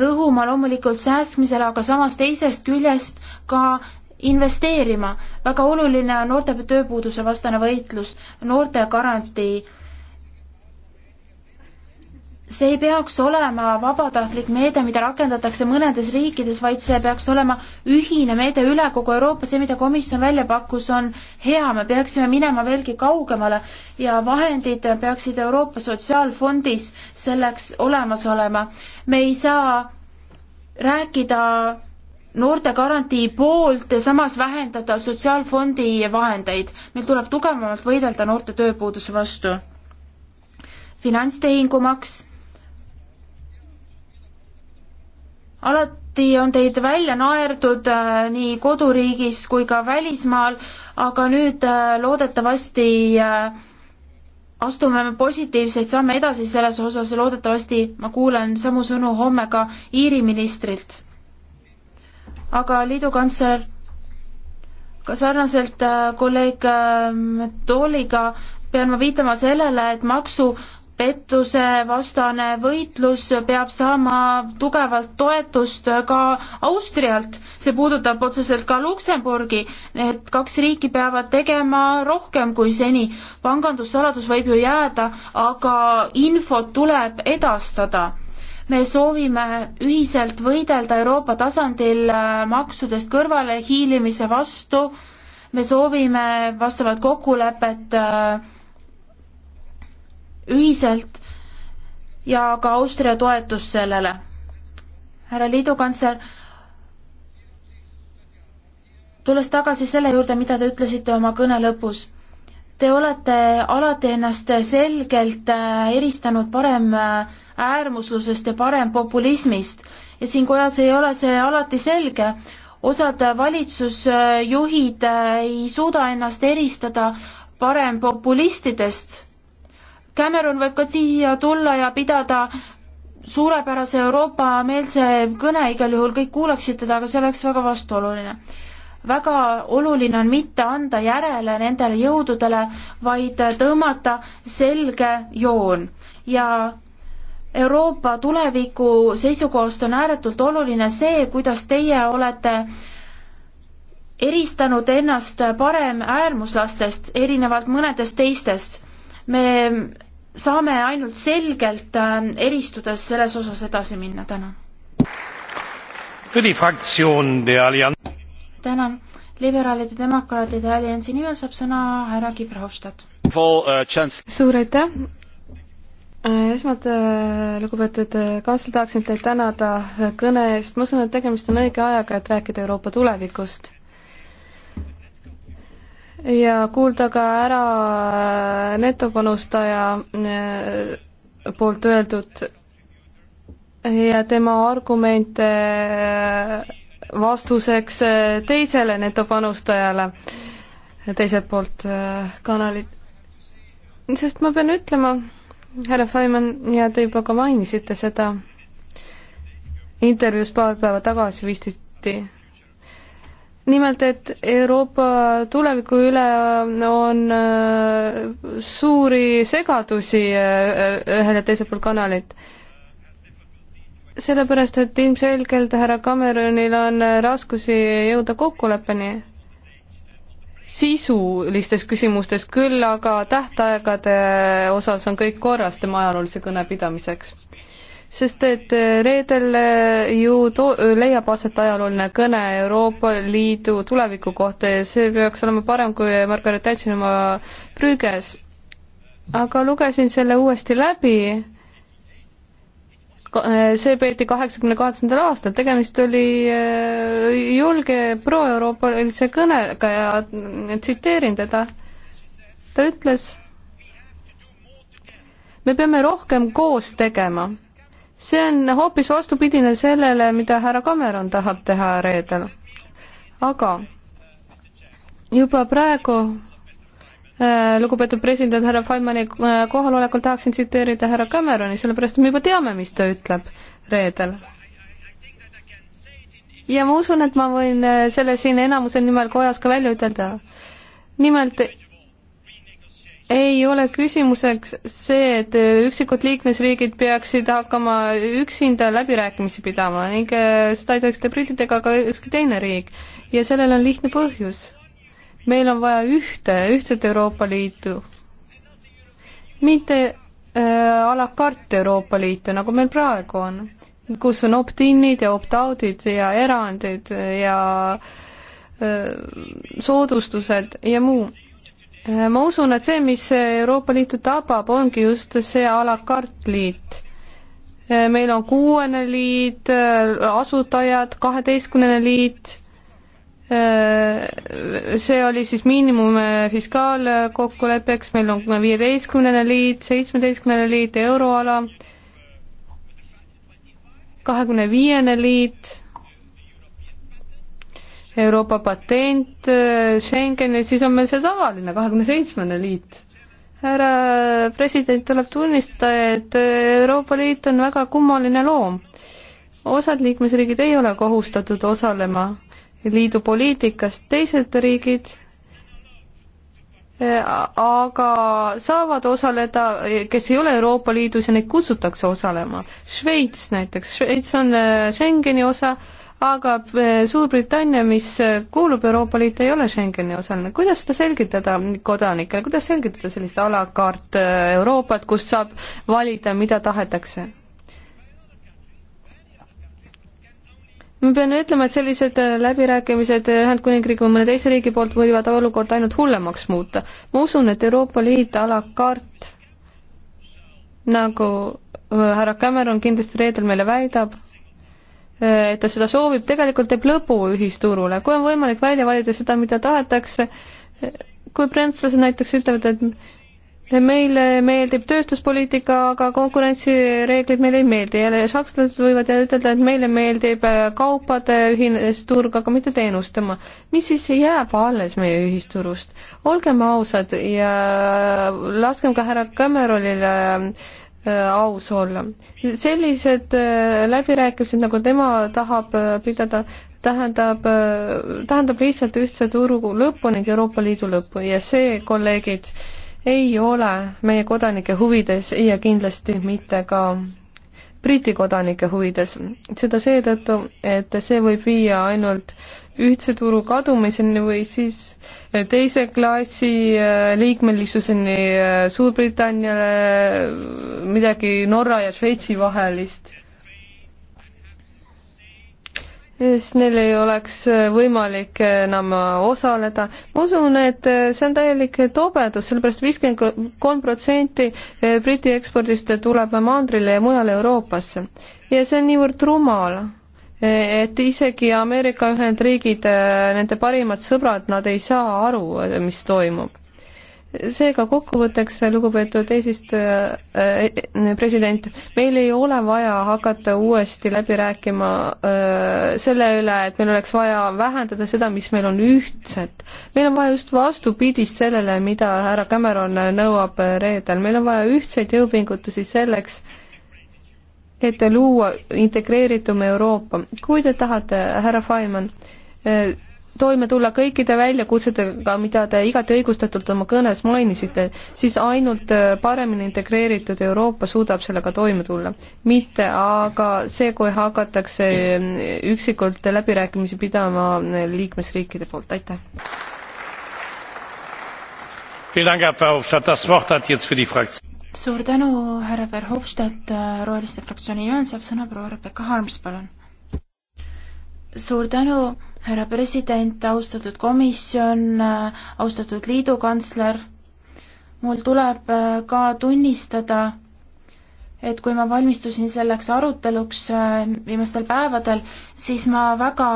rõhuma loomulikult säästmisele, aga samas teisest küljest ka investeerima. väga oluline on noorte tööpuuduse vastane võitlus, noorte garantii see ei peaks olema vabatahtlik meede, mida rakendatakse mõnedes riikides, vaid see peaks olema ühine meede üle kogu Euroopa, see, mida komisjon välja pakkus, on hea, me peaksime minema veelgi kaugemale ja vahendid peaksid Euroopa Sotsiaalfondis selleks olemas olema. me ei saa rääkida noortegarantii poolt ja samas vähendada Sotsiaalfondi vahendeid. meil tuleb tugevamalt võidelda noorte tööpuuduse vastu finantstehingumaks alati on teid välja naerdud äh, nii koduriigis kui ka välismaal, aga nüüd äh, loodetavasti äh, astume me positiivseid samme edasi selles osas ja loodetavasti ma kuulen samu sõnu homme ka Iiri ministrilt. aga liidu kantsler, ka sarnaselt kolleeg Tooliga pean ma viitama sellele, et maksu pettusevastane võitlus peab saama tugevalt toetust ka Austrialt, see puudutab otseselt ka Luksemburgi, need kaks riiki peavad tegema rohkem kui seni. pangandussaladus võib ju jääda, aga infot tuleb edastada me soovime ühiselt võidelda Euroopa tasandil äh, maksudest kõrvalehiilimise vastu, me soovime vastavat kokkulepet äh, ühiselt ja ka Austria toetus sellele. härra liidukantsler, tulles tagasi selle juurde, mida te ütlesite oma kõne lõpus, te olete alati ennast selgelt äh, eristanud parem äh, äärmuslusest ja parempopulismist ja siin kojas ei ole see alati selge. osad valitsusjuhid äh, ei suuda ennast eristada parempopulistidest Cameron võib ka siia tulla ja pidada suurepärase Euroopa-meelse kõne, igal juhul kõik kuulaksid teda, aga see oleks väga vastuoluline. väga oluline on mitte anda järele nendele jõududele, vaid tõmmata selge joon ja Euroopa tuleviku seisukohast on ääretult oluline see, kuidas teie olete eristanud ennast parem äärmuslastest, erinevalt mõnedest teistest me saame ainult selgelt äh, eristudes selles osas edasi minna, tänan. tänan. liberaalide demokraatide alliansi nimel saab sõna härra Kibrahustad. Uh, suur aitäh äh, esmalt, äh, lugupeetud kaasa tahaksin teid tänada kõne eest, ma usun, et tegemist on õige ajaga, et rääkida Euroopa tulevikust ja kuulda ka ära netopanustaja eh, poolt öeldud ja tema argumente eh, vastuseks eh, teisele netopanustajale teiselt poolt kanalit. sest ma pean ütlema, härra Faimann, ja te juba ka mainisite seda intervjuus paar päeva tagasi vist, nimelt, et Euroopa tuleviku üle on äh, suuri segadusi äh, äh, ühel ja teisel pool kanalit. sellepärast, et ilmselgelt härra Cameronil on raskusi jõuda kokkuleppeni sisulistes küsimustes, küll aga tähtaegade osas on kõik korras tema ajaloolise kõne pidamiseks sest et äh, reedel äh, ju to-, leiab aset ajalooline kõne Euroopa Liidu tuleviku kohta ja see peaks olema parem kui Margaret Thatcheri oma prüges. aga lugesin selle uuesti läbi, äh, see peeti kaheksakümne kaheksandal aastal, tegemist oli julge pro-euroopalise kõnega ja tsiteerin teda, ta ütles, me peame rohkem koos tegema see on hoopis vastupidine sellele, mida härra Cameron tahab teha reedel. aga juba praegu äh, lugupeetud president härra Feynmani äh, kohalolekul tahaksin tsiteerida härra Cameroni, sellepärast et me juba teame, mis ta ütleb reedel. ja ma usun, et ma võin äh, selle siin enamuse nimel kojas ka välja ütelda. nimelt ei ole küsimuseks see, et üksikud liikmesriigid peaksid hakkama üksinda läbirääkimisi pidama ning äh, seda ei tohiks teha britid ega ka ükski teine riik. ja sellel on lihtne põhjus. meil on vaja ühte, ühtset Euroopa Liitu. mitte äh, a la carte Euroopa Liitu, nagu meil praegu on, kus on opt-in'id ja opt-out'id ja erandid ja äh, soodustused ja muu Äh, ma usun, et see, mis Euroopa Liitu tabab, ongi just see a la carte liit. Äh, meil on kuuene liit, äh, asutajad, kaheteistkümnene liit, see oli siis miinimum fiskaalkokkuleppeks, meil on viieteistkümnene liit, seitsmeteistkümnene liit, euroala, kahekümne viiene liit Euroopa patent, äh, Schengen ja siis on meil see tavaline kahekümne seitsmene liit. härra president, tuleb tunnistada, et äh, Euroopa Liit on väga kummaline loom. osad liikmesriigid ei ole kohustatud osalema liidu poliitikas, teised riigid äh, aga saavad osaleda, kes ei ole Euroopa Liidus ja neid kutsutakse osalema. Šveits näiteks, Šveits on Schengeni osa, aga eh, Suurbritannia, mis eh, kuulub Euroopa Liitu, ei ole Schengeni osaline. kuidas seda selgitada kodanikele, kuidas selgitada sellist a la carte eh, Euroopat, kus saab valida, mida tahetakse? ma pean ütlema, et sellised läbirääkimised Ühendkuningriigi või mõne teise riigi poolt võivad olukorda ainult hullemaks muuta. ma usun, et Euroopa Liit a la carte, nagu härra Cameron kindlasti reedel meile väidab, et ta seda soovib, tegelikult teeb lõpu ühisturule, kui on võimalik välja valida seda, mida tahetakse, kui prantslased näiteks ütlevad, et meile meeldib tööstuspoliitika, aga konkurentsireeglid meile ei meeldi, jälle sakslased võivad ütelda, et meile meeldib äh, kaupade ühisturg, aga mitte teenuste oma. mis siis jääb alles meie ühisturust? olgem ausad ja äh, laskem ka härra Cameronile äh, Äh, aus olla. sellised äh, läbirääkimised, nagu tema tahab äh, pidada, tähendab, tähendab lihtsalt ühtse turu lõppu ning Euroopa Liidu lõppu ja see, kolleegid, ei ole meie kodanike huvides ja kindlasti mitte ka Briti kodanike huvides. seda seetõttu, et see võib viia ainult ühtse turu kadumiseni või siis teise klassi äh, liikmelisuseni äh, Suurbritanniale, äh, midagi Norra ja Šveitsi vahelist siis neil ei oleks äh, võimalik äh, enam äh, osaleda. ma usun, et see on täielik tobedus, sellepärast viiskümmend kolm protsenti Briti ekspordist tuleb mandrile ja mujale Euroopasse. ja see on niivõrd rumal, et isegi Ameerika Ühendriigid, nende parimad sõbrad, nad ei saa aru, mis toimub seega kokkuvõtteks, lugupeetud eesistuja äh, äh,, president, meil ei ole vaja hakata uuesti läbi rääkima äh, selle üle, et meil oleks vaja vähendada seda, mis meil on ühtset. meil on vaja just vastupidist sellele, mida härra Cameron nõuab äh, reedel, meil on vaja ühtseid jõupingutusi selleks, et luua integreeritum Euroopa. kui te tahate, härra Faimann äh,, toime tulla kõikide väljakutsetega, mida te igati õigustatult oma kõnes mainisite, siis ainult äh, paremini integreeritud Euroopa suudab sellega toime tulla. mitte aga see, kui hakatakse äh, üksikult läbirääkimisi pidama äh, liikmesriikide poolt, aitäh. suur tänu, härra Verhofstadt, Roheliste fraktsiooni nimel saab sõna proua Rebecca Harms, palun. suur tänu härra president, austatud komisjon, austatud liidukantsler, mul tuleb äh, ka tunnistada, et kui ma valmistusin selleks aruteluks äh, viimastel päevadel, siis ma väga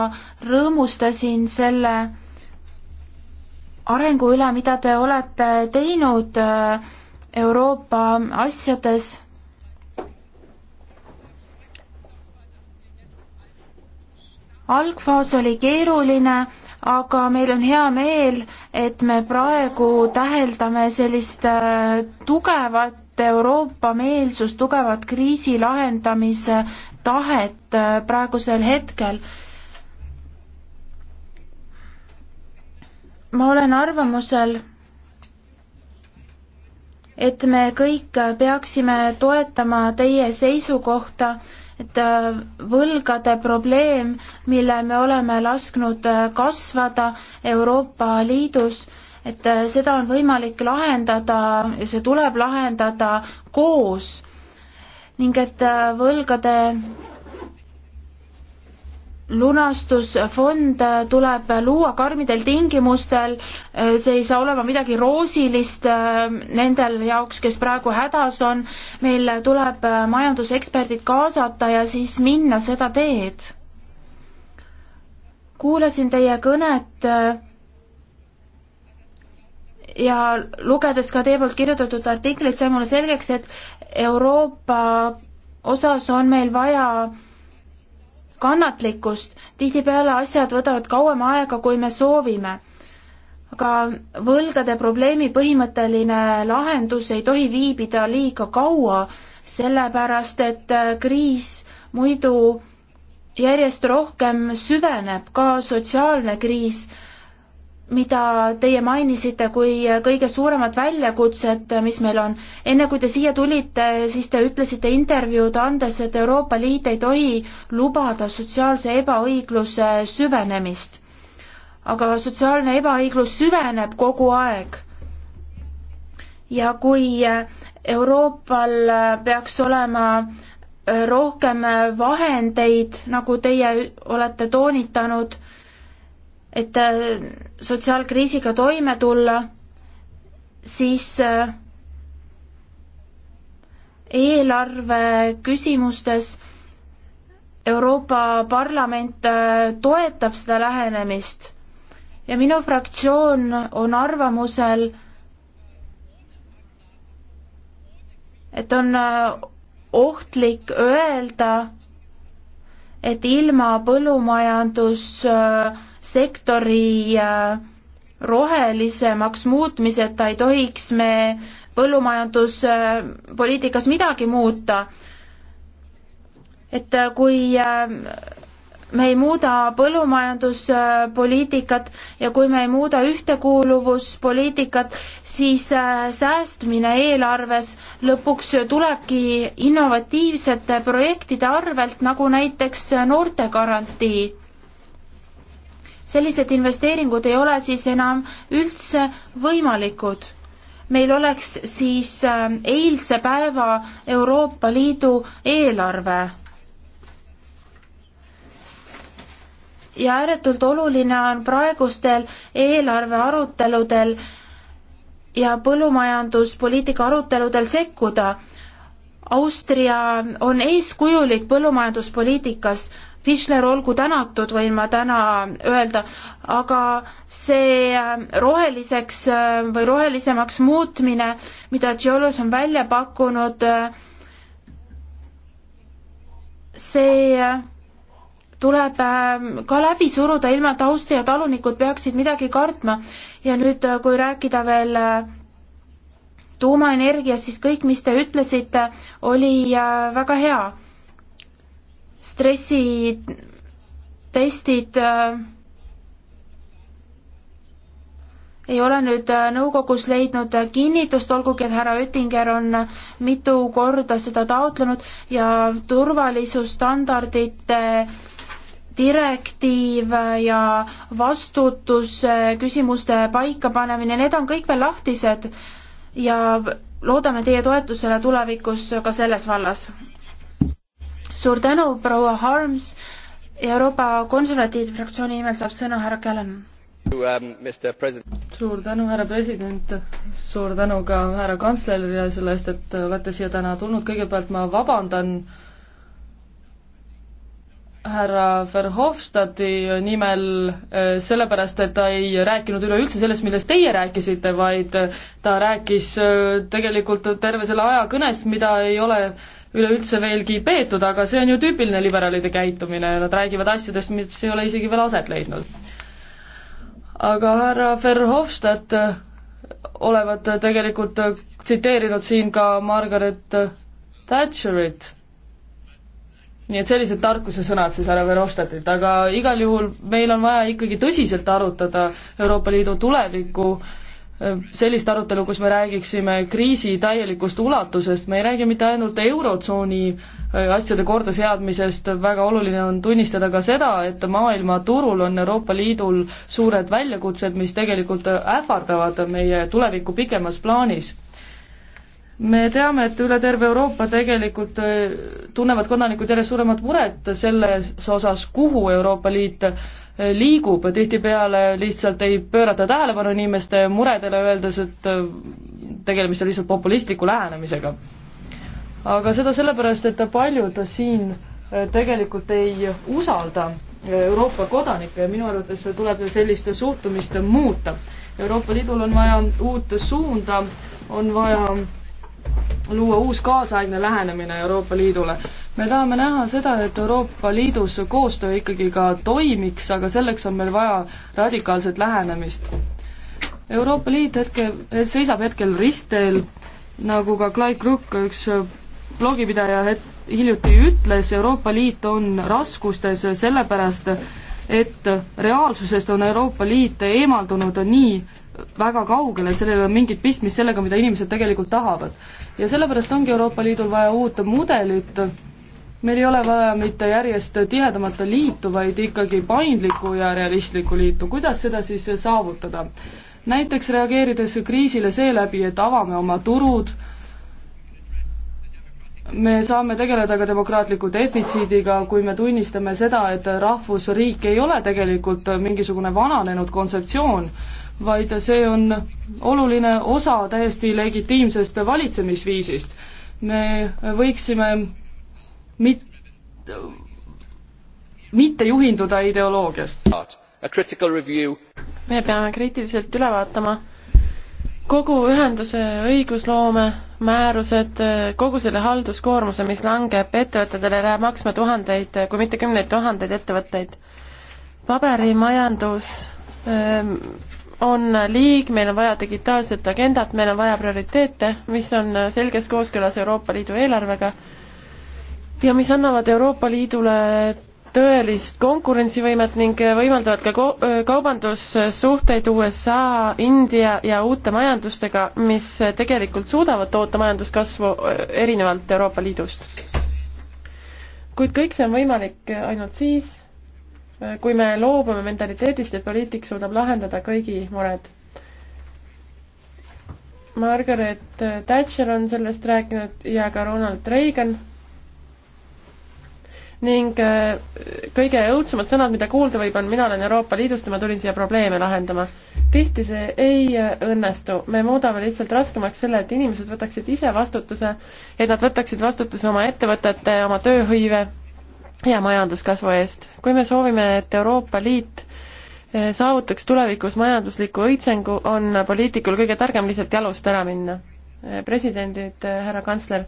rõõmustasin selle arengu üle, mida te olete teinud äh, Euroopa asjades algfaas oli keeruline, aga meil on hea meel, et me praegu täheldame sellist äh, tugevat Euroopa meelsust, tugevat kriisi lahendamise tahet äh, praegusel hetkel. ma olen arvamusel, et me kõik peaksime toetama teie seisukohta, et äh, võlgade probleem, mille me oleme lasknud äh, kasvada Euroopa Liidus, et äh, seda on võimalik lahendada ja see tuleb lahendada koos ning et võlgade lunastusfond tuleb luua karmidel tingimustel, see ei saa olema midagi roosilist äh, nendel jaoks, kes praegu hädas on, meil tuleb äh, majanduseksperdid kaasata ja siis minna seda teed. kuulasin teie kõnet äh, ja lugedes ka teie poolt kirjutatud artiklit, sai mulle selgeks, et Euroopa osas on meil vaja äh, kannatlikkust, tihtipeale asjad võtavad kauem aega, kui me soovime. aga võlgade probleemi põhimõtteline lahendus ei tohi viibida liiga kaua, sellepärast et äh, kriis muidu järjest rohkem süveneb, ka sotsiaalne kriis mida teie mainisite kui kõige suuremat väljakutset, mis meil on. enne kui te siia tulite, siis te ütlesite intervjuud andes, et Euroopa Liit ei tohi lubada sotsiaalse ebaõigluse süvenemist. aga sotsiaalne ebaõiglus süveneb kogu aeg. ja kui Euroopal peaks olema rohkem vahendeid, nagu teie olete toonitanud et äh, sotsiaalkriisiga toime tulla, siis äh, eelarve küsimustes Euroopa Parlament äh, toetab seda lähenemist ja minu fraktsioon on arvamusel, et on ohtlik öelda, et ilma põllumajandus äh, sektori äh, rohelisemaks muutmiseta ei tohiks me põllumajanduspoliitikas midagi muuta. et äh, kui äh, me ei muuda põllumajanduspoliitikat ja kui me ei muuda ühtekuuluvuspoliitikat, siis säästmine eelarves lõpuks tulebki innovatiivsete projektide arvelt, nagu näiteks noortegarantii sellised investeeringud ei ole siis enam üldse võimalikud. meil oleks siis äh, eilse päeva Euroopa Liidu eelarve. ja ääretult oluline on praegustel eelarve aruteludel ja põllumajanduspoliitika aruteludel sekkuda. Austria on eeskujulik põllumajanduspoliitikas Fischler, olgu tänatud, võin ma täna öelda, aga see ähm, roheliseks ähm, või rohelisemaks muutmine, mida Tšiolos on välja pakkunud, äh, see äh, tuleb ähm, ka läbi suruda, ilma et Austria talunikud peaksid midagi kartma. ja nüüd, äh, kui rääkida veel tuumaenergiast, siis kõik, mis te ütlesite, oli väga hea stressitestid äh, ei ole nüüd äh, nõukogus leidnud äh, kinnitust, olgugi et härra Oettinger on mitu korda seda taotlenud ja turvalisusstandardite direktiiv ja vastutus, küsimuste paikapanemine, need on kõik veel lahtised ja loodame teie toetusele tulevikus ka selles vallas suur tänu, proua Harms. Euroopa Konservatiivide fraktsiooni nimel saab sõna härra Kellen. Um, suur tänu, härra president, suur tänu ka härra kantslerile selle eest, et olete siia täna tulnud, kõigepealt ma vabandan härra Verhofstadti nimel, eh, sellepärast et ta ei rääkinud üleüldse sellest, millest teie rääkisite, vaid ta rääkis eh, tegelikult terve selle aja kõnest, mida ei ole üleüldse veelgi peetud, aga see on ju tüüpiline liberaalide käitumine, nad räägivad asjadest, mis ei ole isegi veel aset leidnud. aga härra Verhofstadt äh, olevat äh, tegelikult äh, tsiteerinud siin ka Margaret Thatcherit, nii et sellised tarkuse sõnad siis härra Verhofstadtilt, aga igal juhul meil on vaja ikkagi tõsiselt arutada Euroopa Liidu tulevikku, Äh, sellist arutelu, kus me räägiksime kriisi täielikust ulatusest, me ei räägi mitte ainult Eurotsooni äh, asjade kordaseadmisest, väga oluline on tunnistada ka seda, et maailmaturul on Euroopa Liidul suured väljakutsed, mis tegelikult äh, ähvardavad meie tulevikku pikemas plaanis. me teame, et üle terve Euroopa tegelikult tunnevad kodanikud järjest suuremat muret selles osas, kuhu Euroopa Liit liigub, tihtipeale lihtsalt ei pöörata tähelepanu inimeste muredele, öeldes, et äh, tegemist on lihtsalt populistliku lähenemisega. aga seda sellepärast, et paljud siin äh, tegelikult ei usalda äh, Euroopa kodanikke ja minu arvates tuleb sellist suhtumist muuta. Euroopa Liidul on vaja uut suunda, on vaja luua uus kaasaegne lähenemine Euroopa Liidule. me tahame näha seda, et Euroopa Liidus koostöö ikkagi ka toimiks, aga selleks on meil vaja radikaalset lähenemist. Euroopa Liit hetke, seisab hetkel ristteel, nagu ka Clyde Crook, üks blogipidaja het-, hiljuti ütles, Euroopa Liit on raskustes sellepärast, et reaalsusest on Euroopa Liit eemaldunud nii väga kaugele, sellel ei ole mingit pistmist sellega, mida inimesed tegelikult tahavad. ja sellepärast ongi Euroopa Liidul vaja uut mudelit, meil ei ole vaja mitte järjest tihedamat liitu, vaid ikkagi paindlikku ja realistlikku liitu, kuidas seda siis saavutada? näiteks reageerides kriisile seeläbi, et avame oma turud, me saame tegeleda ka demokraatliku defitsiidiga, kui me tunnistame seda, et rahvusriik ei ole tegelikult mingisugune vananenud kontseptsioon, vaid see on oluline osa täiesti legitiimsest valitsemisviisist. me võiksime mit-, mitte juhinduda ideoloogiast. me peame kriitiliselt üle vaatama kogu ühenduse õigusloome, määrused, kogu selle halduskoormuse, mis langeb ettevõtetele, läheb maksma tuhandeid, kui mitte kümneid tuhandeid ettevõtteid. paberimajandus ähm, on liig, meil on vaja digitaalset agendat, meil on vaja prioriteete, mis on selges kooskõlas Euroopa Liidu eelarvega ja mis annavad Euroopa Liidule tõelist konkurentsivõimet ning võimaldavad ka kaubandussuhteid USA, India ja uute majandustega, mis tegelikult suudavad toota majanduskasvu erinevalt Euroopa Liidust. kuid kõik see on võimalik ainult siis, kui me loobume mentaliteedist, et poliitik suudab lahendada kõigi mured. Margaret Thatcher on sellest rääkinud ja ka Ronald Reagan ning äh, kõige õudsemad sõnad, mida kuulda võib, on mina olen Euroopa Liidust ja ma tulin siia probleeme lahendama. tihti see ei äh, õnnestu, me muudame lihtsalt raskemaks selle, et inimesed võtaksid ise vastutuse, et nad võtaksid vastutuse oma ettevõtete, oma tööhõive ja majanduskasvu eest. kui me soovime, et Euroopa Liit eh, saavutaks tulevikus majandusliku õitsengu, on poliitikul kõige targem lihtsalt jalust ära minna. Eh, presidendid, eh, härra kantsler,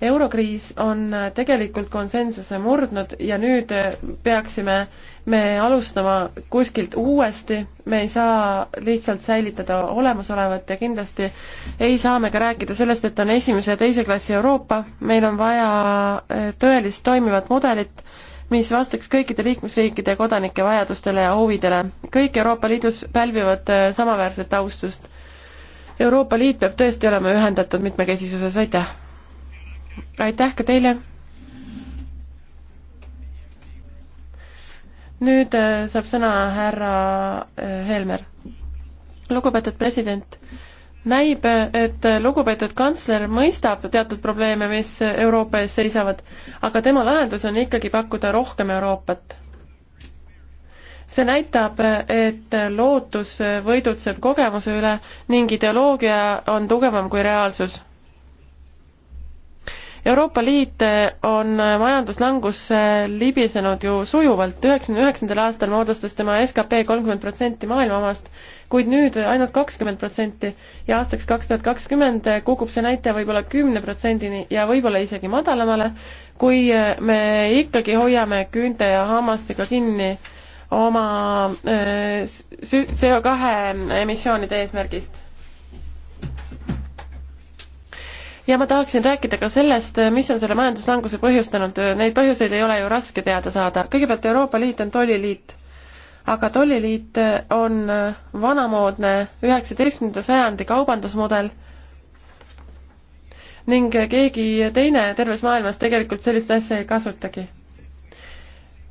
eurokriis on tegelikult konsensuse murdnud ja nüüd peaksime me alustama kuskilt uuesti, me ei saa lihtsalt säilitada olemasolevat ja kindlasti ei saa me ka rääkida sellest, et on esimese ja teise klassi Euroopa, meil on vaja eh, tõelist toimivat mudelit, mis vastaks kõikide liikmesriikide kodanike vajadustele ja huvidele. kõik Euroopa Liidus pälvivad eh, samaväärset austust. Euroopa Liit peab tõesti olema ühendatud mitmekesisuses, aitäh! aitäh ka teile! nüüd äh, saab sõna härra äh, Helmer. lugupeetud president, näib, et lugupeetud kantsler mõistab teatud probleeme, mis Euroopa ees seisavad, aga tema lahendus on ikkagi pakkuda rohkem Euroopat. see näitab, et lootus võidutseb kogemuse üle ning ideoloogia on tugevam kui reaalsus Euroopa Liit eh, on eh, majanduslangusse libisenud ju sujuvalt, üheksakümne üheksandal aastal moodustas tema skp kolmkümmend protsenti maailma omast, kuid nüüd ainult kakskümmend protsenti ja aastaks kaks tuhat kakskümmend eh, kukub see näitaja võib-olla kümne protsendini ja võib-olla isegi madalamale, kui me ikkagi hoiame küünte ja hammastega kinni oma CO2 emissioonide eesmärgist ja ma tahaksin rääkida ka sellest, mis on selle majanduslanguse põhjustanud, neid põhjuseid ei ole ju raske teada saada. kõigepealt Euroopa Liit on tolliliit, aga tolliliit on vanamoodne üheksateistkümnenda sajandi kaubandusmudel ning keegi teine terves maailmas tegelikult sellist asja ei kasutagi.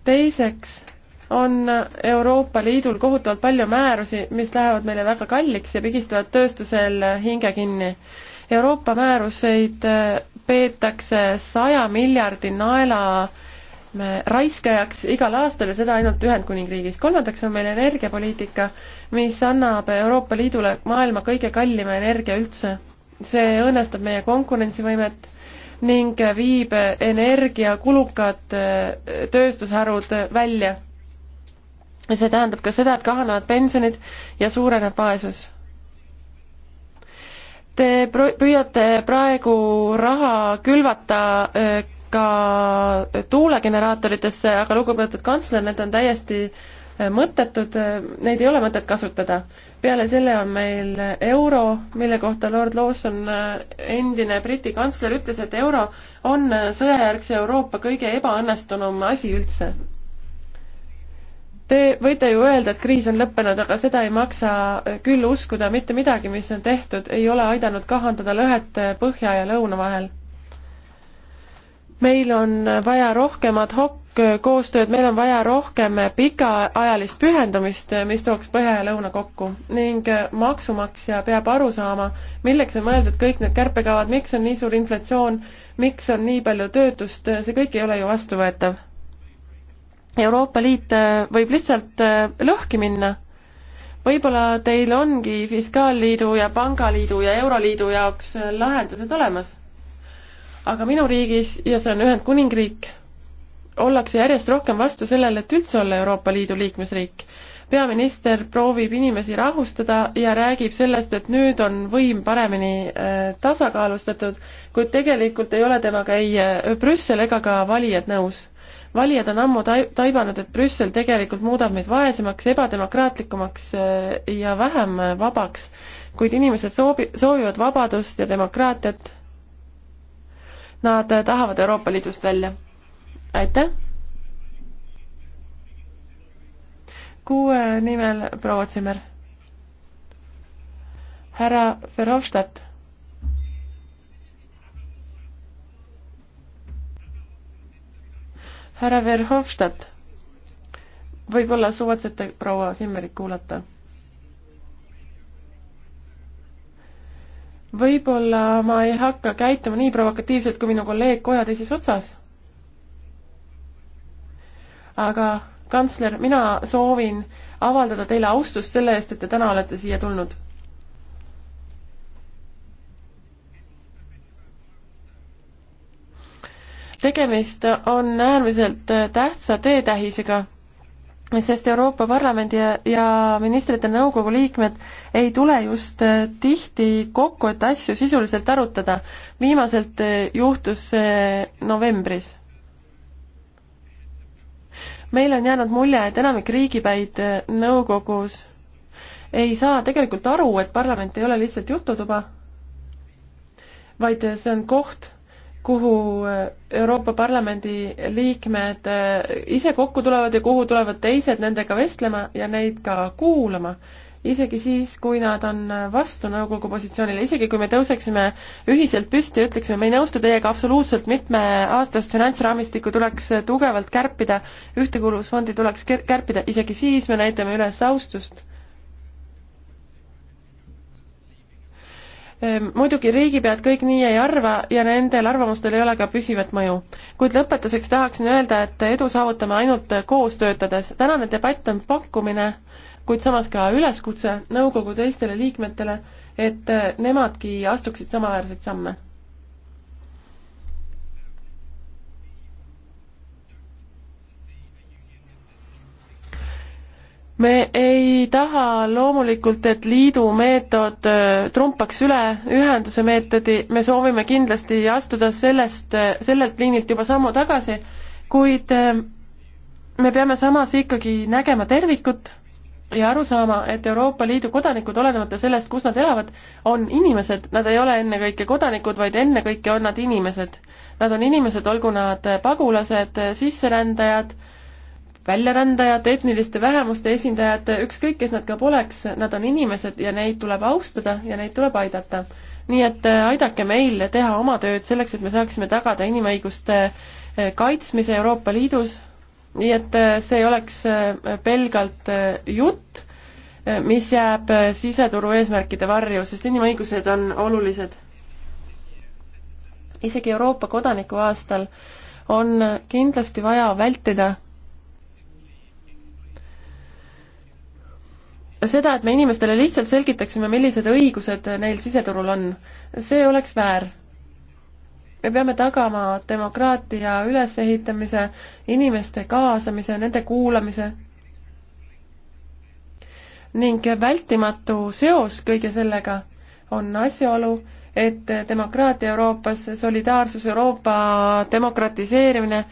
teiseks on Euroopa Liidul kohutavalt palju määrusi, mis lähevad meile väga kalliks ja pigistavad tööstusel hinge kinni Euroopa määruseid äh, peetakse saja miljardi naela äh, raiskajaks igal aastal ja seda ainult Ühendkuningriigis. kolmandaks on meil energiapoliitika, mis annab Euroopa Liidule maailma kõige kallima energia üldse. see õõnestab meie konkurentsivõimet ning viib energiakulukad äh, tööstusharud välja. see tähendab ka seda, et kahanevad pensionid ja suureneb vaesus Te püüate praegu raha külvata äh, ka tuulegeneraatoritesse, aga lugupeetud kantsler, need on täiesti äh, mõttetud, äh, neid ei ole mõtet kasutada. peale selle on meil euro, mille kohta Lord Lawson, endine Briti kantsler, ütles, et euro on sõjajärgse Euroopa kõige ebaõnnestunum asi üldse Te võite ju öelda, et kriis on lõppenud, aga seda ei maksa äh, küll uskuda, mitte midagi, mis on tehtud, ei ole aidanud kahandada lõhet äh, põhja ja lõuna vahel. meil on äh, vaja rohkem ad hoc koostööd, meil on vaja rohkem pikaajalist pühendumist, mis tooks põhja ja lõuna kokku ning maksumaksja peab aru saama, milleks on mõeldud kõik need kärpekavad, miks on nii suur inflatsioon, miks on nii palju töötust, see kõik ei ole ju vastuvõetav Euroopa Liit äh, võib lihtsalt äh, lõhki minna. võib-olla teil ongi Fiskaalliidu ja Pangaliidu ja Euroliidu jaoks äh, lahendused olemas. aga minu riigis, ja see on Ühendkuningriik, ollakse järjest rohkem vastu sellele, et üldse olla Euroopa Liidu liikmesriik. peaminister proovib inimesi rahustada ja räägib sellest, et nüüd on võim paremini tasakaalustatud, kuid tegelikult ei ole temaga ei Brüssel ega ka valijad nõus valijad on ammu taibanud, et Brüssel tegelikult muudab meid vaesemaks, ebademokraatlikumaks äh, ja vähem äh, vabaks, kuid inimesed soovi-, soovivad vabadust ja demokraatiat. Nad äh, tahavad Euroopa Liidust välja. aitäh! kuue nimel proua Zimmer. härra Verhofstadt härra Verhofstadt, võib-olla suvatsete proua Simmerit kuulata? võib-olla ma ei hakka käituma nii provokatiivselt kui minu kolleeg koja teises otsas. aga kantsler, mina soovin avaldada teile austust selle eest, et te täna olete siia tulnud tegemist on äärmiselt äh, tähtsa teetähisega, sest Euroopa Parlamendi ja, ja ministrite nõukogu liikmed ei tule just äh, tihti kokku, et asju sisuliselt arutada. viimaselt äh, juhtus see novembris. meil on jäänud mulje, et enamik riigipäid nõukogus ei saa tegelikult aru, et parlament ei ole lihtsalt jututuba, vaid see on koht kuhu äh, Euroopa Parlamendi liikmed äh, ise kokku tulevad ja kuhu tulevad teised nendega vestlema ja neid ka kuulama, isegi siis, kui nad on äh, vastu nõukogu positsioonile, isegi kui me tõuseksime ühiselt püsti ja ütleksime, me ei nõustu teiega absoluutselt, mitmeaastast finantsraamistikku tuleks tugevalt kärpida, ühtekuuluvusfondi tuleks kärpida, isegi siis me näitame üles austust Ehm, muidugi riigipead kõik nii ei arva ja nendel arvamustel ei ole ka püsivat mõju. kuid lõpetuseks tahaksin öelda, et edu saavutame ainult koos töötades. tänane debatt on pakkumine, kuid samas ka üleskutse nõukogu teistele liikmetele, et nemadki astuksid samaväärseid samme me ei taha loomulikult, et liidu meetod äh, trumpaks üle ühenduse meetodi, me soovime kindlasti astuda sellest, äh, sellelt liinilt juba sammu tagasi, kuid äh, me peame samas ikkagi nägema tervikut ja aru saama, et Euroopa Liidu kodanikud, olenemata sellest, kus nad elavad, on inimesed, nad ei ole ennekõike kodanikud, vaid ennekõike on nad inimesed. Nad on inimesed, olgu nad pagulased, sisserändajad, väljarändajad, etniliste vähemuste esindajad, ükskõik kes nad ka poleks, nad on inimesed ja neid tuleb austada ja neid tuleb aidata. nii et äh, aidake meil teha oma tööd selleks, et me saaksime tagada inimõiguste äh, kaitsmise Euroopa Liidus, nii et äh, see ei oleks pelgalt jutt, mis jääb siseturu eesmärkide varju, sest inimõigused on olulised. isegi Euroopa kodanikuaastal on kindlasti vaja vältida seda, et me inimestele lihtsalt selgitaksime, millised õigused neil siseturul on, see oleks väär. me peame tagama demokraatia ülesehitamise, inimeste kaasamise, nende kuulamise ning vältimatu seos kõige sellega on asjaolu, et demokraatia Euroopas, solidaarsus Euroopa demokratiseerimine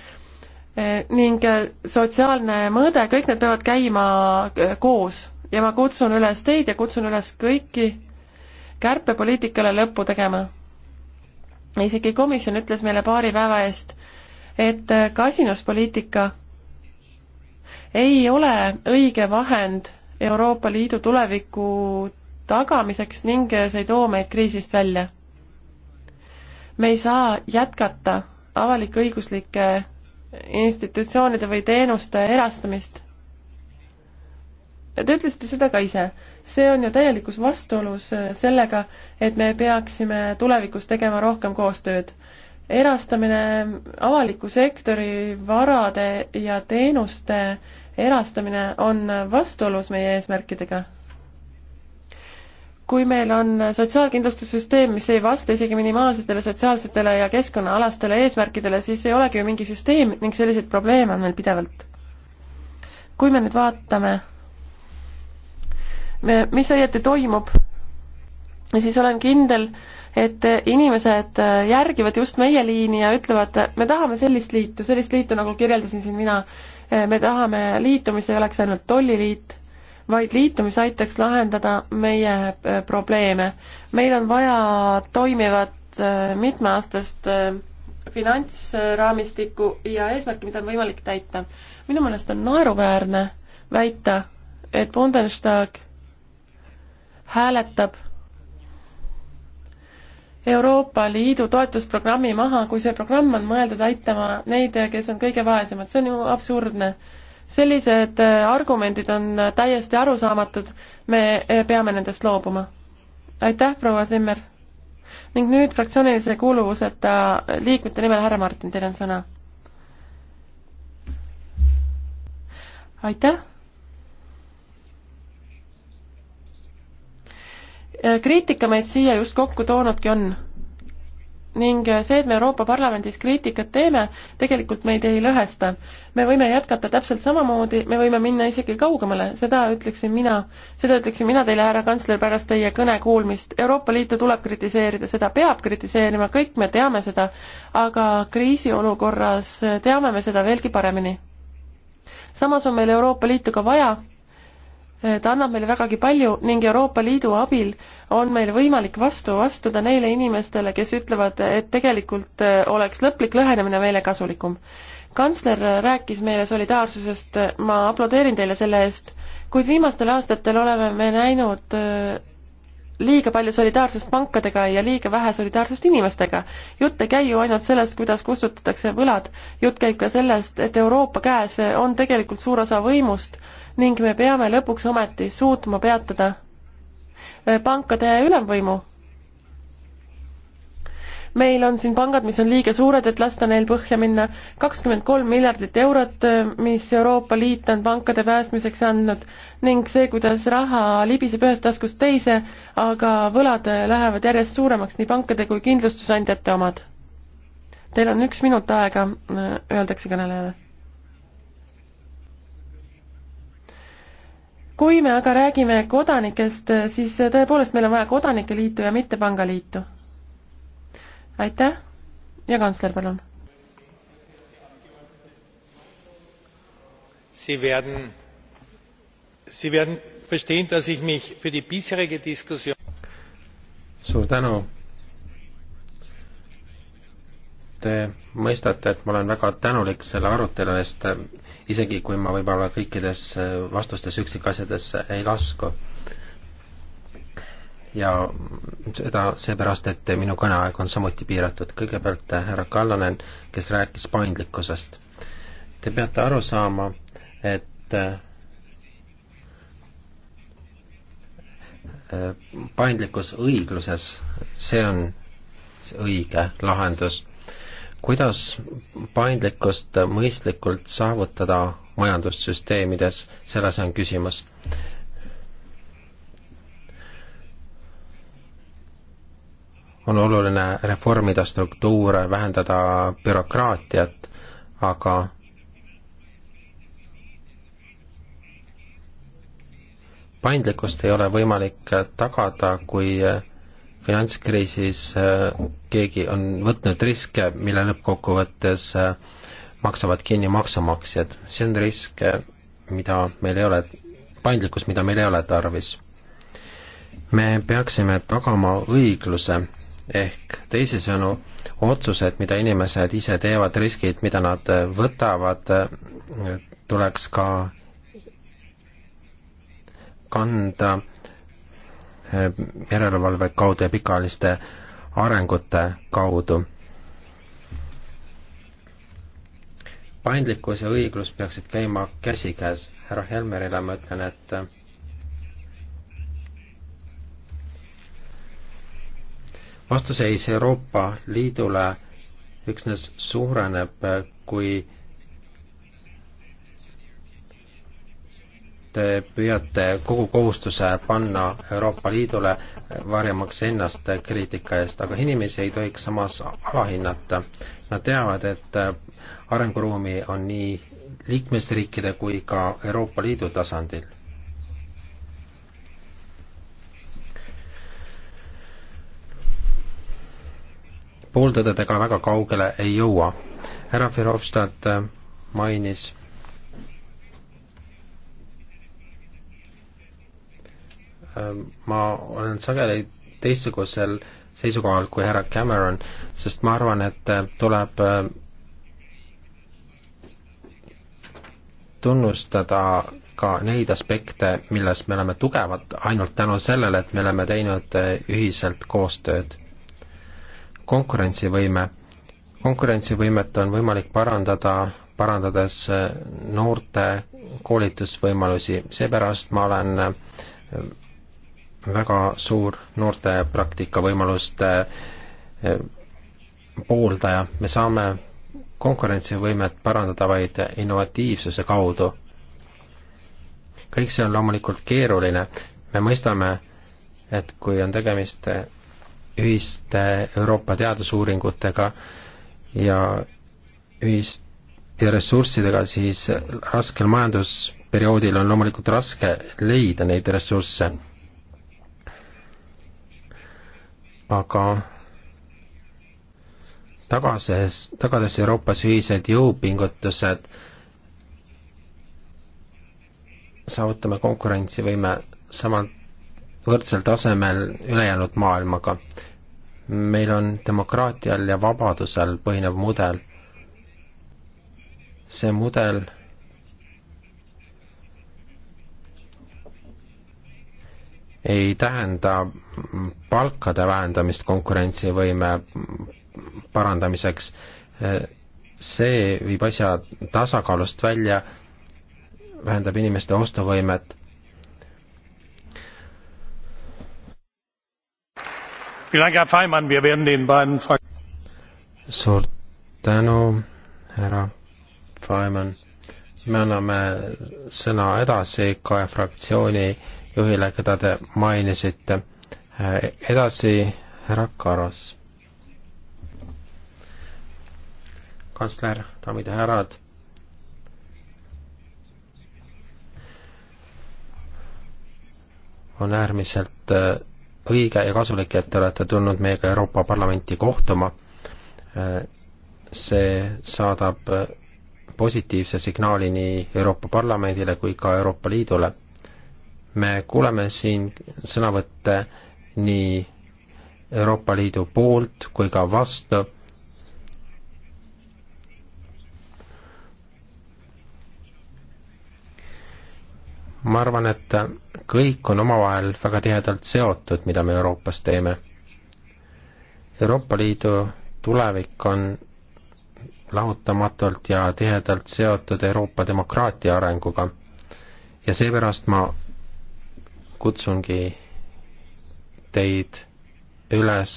eh, ning eh, sotsiaalne mõõde, kõik need peavad käima eh, koos ja ma kutsun üles teid ja kutsun üles kõiki kärpepoliitikale lõppu tegema. isegi komisjon ütles meile paari päeva eest, et kasinuspoliitika ei ole õige vahend Euroopa Liidu tuleviku tagamiseks ning see ei too meid kriisist välja. me ei saa jätkata avalik-õiguslike institutsioonide või teenuste erastamist Te ütlesite seda ka ise. see on ju täielikus vastuolus äh, sellega, et me peaksime tulevikus tegema rohkem koostööd. erastamine, avaliku sektori varade ja teenuste erastamine on vastuolus meie eesmärkidega kui meil on sotsiaalkindlustussüsteem, mis ei vasta isegi minimaalsetele sotsiaalsetele ja keskkonnaalastele eesmärkidele, siis ei olegi ju mingi süsteem ning selliseid probleeme on meil pidevalt. kui me nüüd vaatame mis õieti toimub, siis olen kindel, et inimesed äh, järgivad just meie liini ja ütlevad, me tahame sellist liitu, sellist liitu, nagu kirjeldasin siin mina. Äh, me tahame liitu, mis ei oleks ainult tolliliit, vaid liitu, mis aitaks lahendada meie äh, probleeme. meil on vaja toimivat mitmeaastast finantsraamistikku ja eesmärki, mida on võimalik täita. minu meelest on naeruväärne väita, et Bundenstag hääletab Euroopa Liidu toetusprogrammi maha, kui see programm on mõeldud aitama neid, kes on kõige vaesemad, see on ju absurdne. sellised äh, argumendid on täiesti arusaamatud, me äh, peame nendest loobuma. aitäh, proua Simmer! ning nüüd fraktsioonilise kuuluvuseta liikmete nimel härra Martin, teil on sõna. aitäh! Äh, kriitika meid siia just kokku toonudki on. ning äh, see, et me Euroopa Parlamendis kriitikat teeme, tegelikult meid ei lõhesta. me võime jätkata täpselt samamoodi, me võime minna isegi kaugemale, seda ütleksin mina, seda ütleksin mina teile, härra kantsler, pärast teie kõne kuulmist. Euroopa Liitu tuleb kritiseerida, seda peab kritiseerima, kõik me teame seda, aga kriisiolukorras äh, teame me seda veelgi paremini. samas on meil Euroopa Liitu ka vaja ta annab meile vägagi palju ning Euroopa Liidu abil on meil võimalik vastu astuda neile inimestele, kes ütlevad, et tegelikult äh, oleks lõplik lõhenemine meile kasulikum. kantsler rääkis meile solidaarsusest, ma aplodeerin teile selle eest, kuid viimastel aastatel oleme me näinud äh, liiga palju solidaarsust pankadega ja liiga vähe solidaarsust inimestega. jutt ei käi ju ainult sellest, kuidas kustutatakse võlad, jutt käib ka sellest, et Euroopa käes on tegelikult suur osa võimust ning me peame lõpuks ometi suutma peatada äh, pankade ülemvõimu. meil on siin pangad, mis on liiga suured, et lasta neil põhja minna, kakskümmend kolm miljardit eurot, äh, mis Euroopa Liit on pankade päästmiseks andnud ning see, kuidas raha libiseb ühest taskust teise, aga võlad äh, lähevad järjest suuremaks, nii pankade kui kindlustusandjate omad. Teil on üks minut aega, öeldakse kõnelejale kui me aga räägime kodanikest, siis tõepoolest meil on vaja kodanike liitu ja mitte pangaliitu. aitäh ja kantsler, palun. Sie werden, Sie werden verstehen, dass ich mich für die bisherige Diskussion suur tänu. Te mõistate, et ma olen väga tänulik selle arutelu eest isegi kui ma võib-olla kõikides äh, vastustes üksikasjadesse ei lasku. ja seda seepärast, et minu kõneaeg on samuti piiratud. kõigepealt äh, härra Kallanen, kes rääkis paindlikkusest. Te peate aru saama, et äh, paindlikkus õigluses, see on see õige lahendus kuidas paindlikkust mõistlikult saavutada majandussüsteemides, selles on küsimus. on oluline reformida struktuure, vähendada bürokraatiat, aga paindlikkust ei ole võimalik tagada, kui finantskriisis äh, keegi on võtnud riske, mille lõppkokkuvõttes äh, maksavad kinni maksumaksjad. see on risk, äh, mida meil ei ole, paindlikkus, mida meil ei ole tarvis. me peaksime tagama õigluse ehk teisisõnu, otsused, mida inimesed ise teevad, riskid, mida nad võtavad, tuleks ka kanda Äh, järelevalve kaudu ja pikaajaliste arengute kaudu. paindlikkus ja õiglus peaksid käima käsikäes. härra Helmerile ma ütlen, et äh, vastuseis Euroopa Liidule üksnes suureneb, äh, kui te püüate kogu kohustuse panna Euroopa Liidule, varjamaks ennast kriitika eest, aga inimesi ei tohiks samas alahinnata. Nad teavad, et arenguruumi on nii liikmesriikide kui ka Euroopa Liidu tasandil. pooltõdedega väga kaugele ei jõua. härra Verhofstadt mainis Ähm, ma olen sageli teistsugusel seisukohal kui härra Cameron, sest ma arvan, et äh, tuleb äh, tunnustada ka neid aspekte, milles me oleme tugevad ainult tänu sellele, et me oleme teinud äh, ühiselt koostööd. konkurentsivõime, konkurentsivõimet on võimalik parandada, parandades noorte koolitusvõimalusi, seepärast ma olen väga suur noorte praktikavõimaluste eh, pooldaja, me saame konkurentsivõimet parandada vaid innovatiivsuse kaudu. kõik see on loomulikult keeruline, me mõistame, et kui on tegemist ühiste Euroopa teadusuuringutega ja ühist ja ressurssidega, siis raskel majandusperioodil on loomulikult raske leida neid ressursse aga tagases, tagades Euroopas ühised jõupingutused, saavutame konkurentsivõime samal, võrdsel tasemel ülejäänud maailmaga. meil on demokraatial ja vabadusel põhinev mudel. see mudel ei tähenda palkade vähendamist konkurentsivõime parandamiseks, see viib asja tasakaalust välja, vähendab inimeste ostuvõimet. suur tänu, härra Faimann. me anname sõna edasi kahe fraktsiooni juhile, keda te mainisite. edasi härra Karas. kantsler, daamid ja härrad. on äärmiselt äh, õige ja kasulik, et te olete tulnud meiega Euroopa Parlamenti kohtuma. Äh, see saadab äh, positiivse signaali nii Euroopa Parlamendile kui ka Euroopa Liidule me kuuleme siin sõnavõtte nii Euroopa Liidu poolt kui ka vastu. ma arvan, et kõik on omavahel väga tihedalt seotud, mida me Euroopas teeme. Euroopa Liidu tulevik on lahutamatult ja tihedalt seotud Euroopa demokraatia arenguga. ja seepärast ma kutsungi teid üles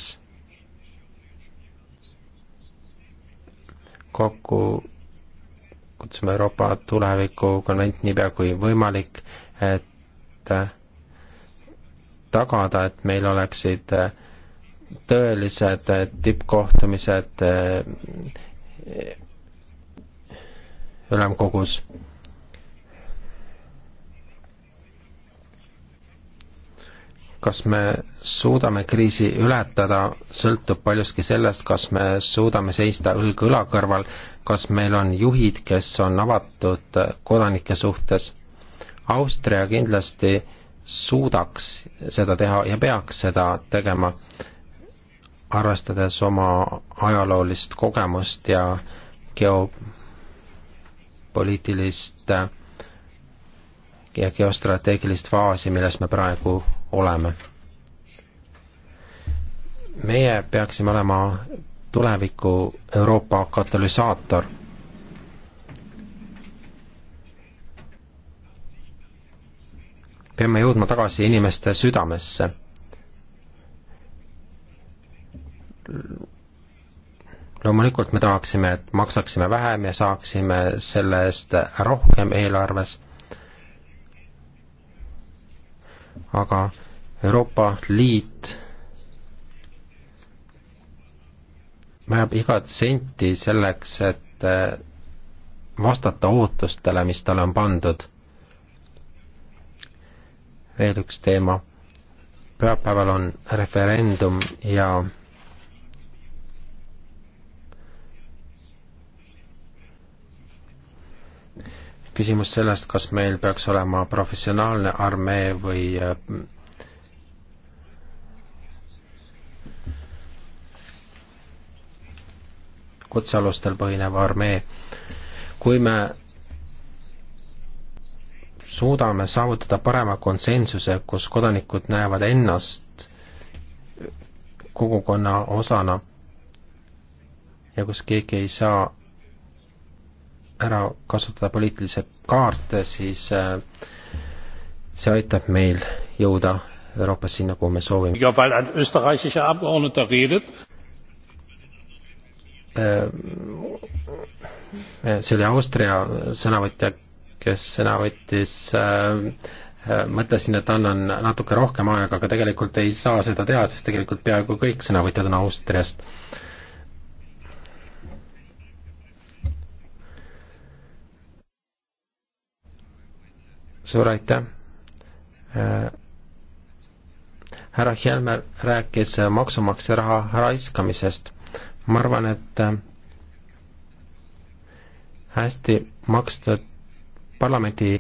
kokku kutsume Euroopa tuleviku konvent niipea kui võimalik, et äh, tagada, et meil oleksid äh, tõelised äh, tippkohtumised ülemkogus kas me suudame kriisi ületada, sõltub paljuski sellest, kas me suudame seista õlg õla kõrval, kas meil on juhid, kes on avatud kodanike suhtes. Austria kindlasti suudaks seda teha ja peaks seda tegema, arvestades oma ajaloolist kogemust ja geopoliitilist äh, ja geostrateegilist faasi, milles me praegu oleme. meie peaksime olema tuleviku Euroopa katalüsaator. peame jõudma tagasi inimeste südamesse. loomulikult me tahaksime, et maksaksime vähem ja saaksime selle eest rohkem eelarves aga Euroopa Liit vajab igat senti selleks, et eh, vastata ootustele, mis talle on pandud. veel üks teema, pühapäeval on referendum ja küsimus sellest, kas meil peaks olema professionaalne armee või äh, kutsealustel põhinev armee. kui me suudame saavutada parema konsensuse, kus kodanikud näevad ennast kogukonna osana ja kus keegi ei saa ära kasutada poliitilisi kaarte, siis äh, see aitab meil jõuda Euroopas sinna, kuhu me soovime. Äh, äh, see oli Austria sõnavõtja, kes sõna võttis äh, mõtlesin, et annan natuke rohkem aega, aga tegelikult ei saa seda teha, sest tegelikult peaaegu kõik sõnavõtjad on Austriast äh, suur aitäh! Äh, härra Helme rääkis äh, maksumaksja raha raiskamisest. ma arvan, et äh, hästi makstud parlamendi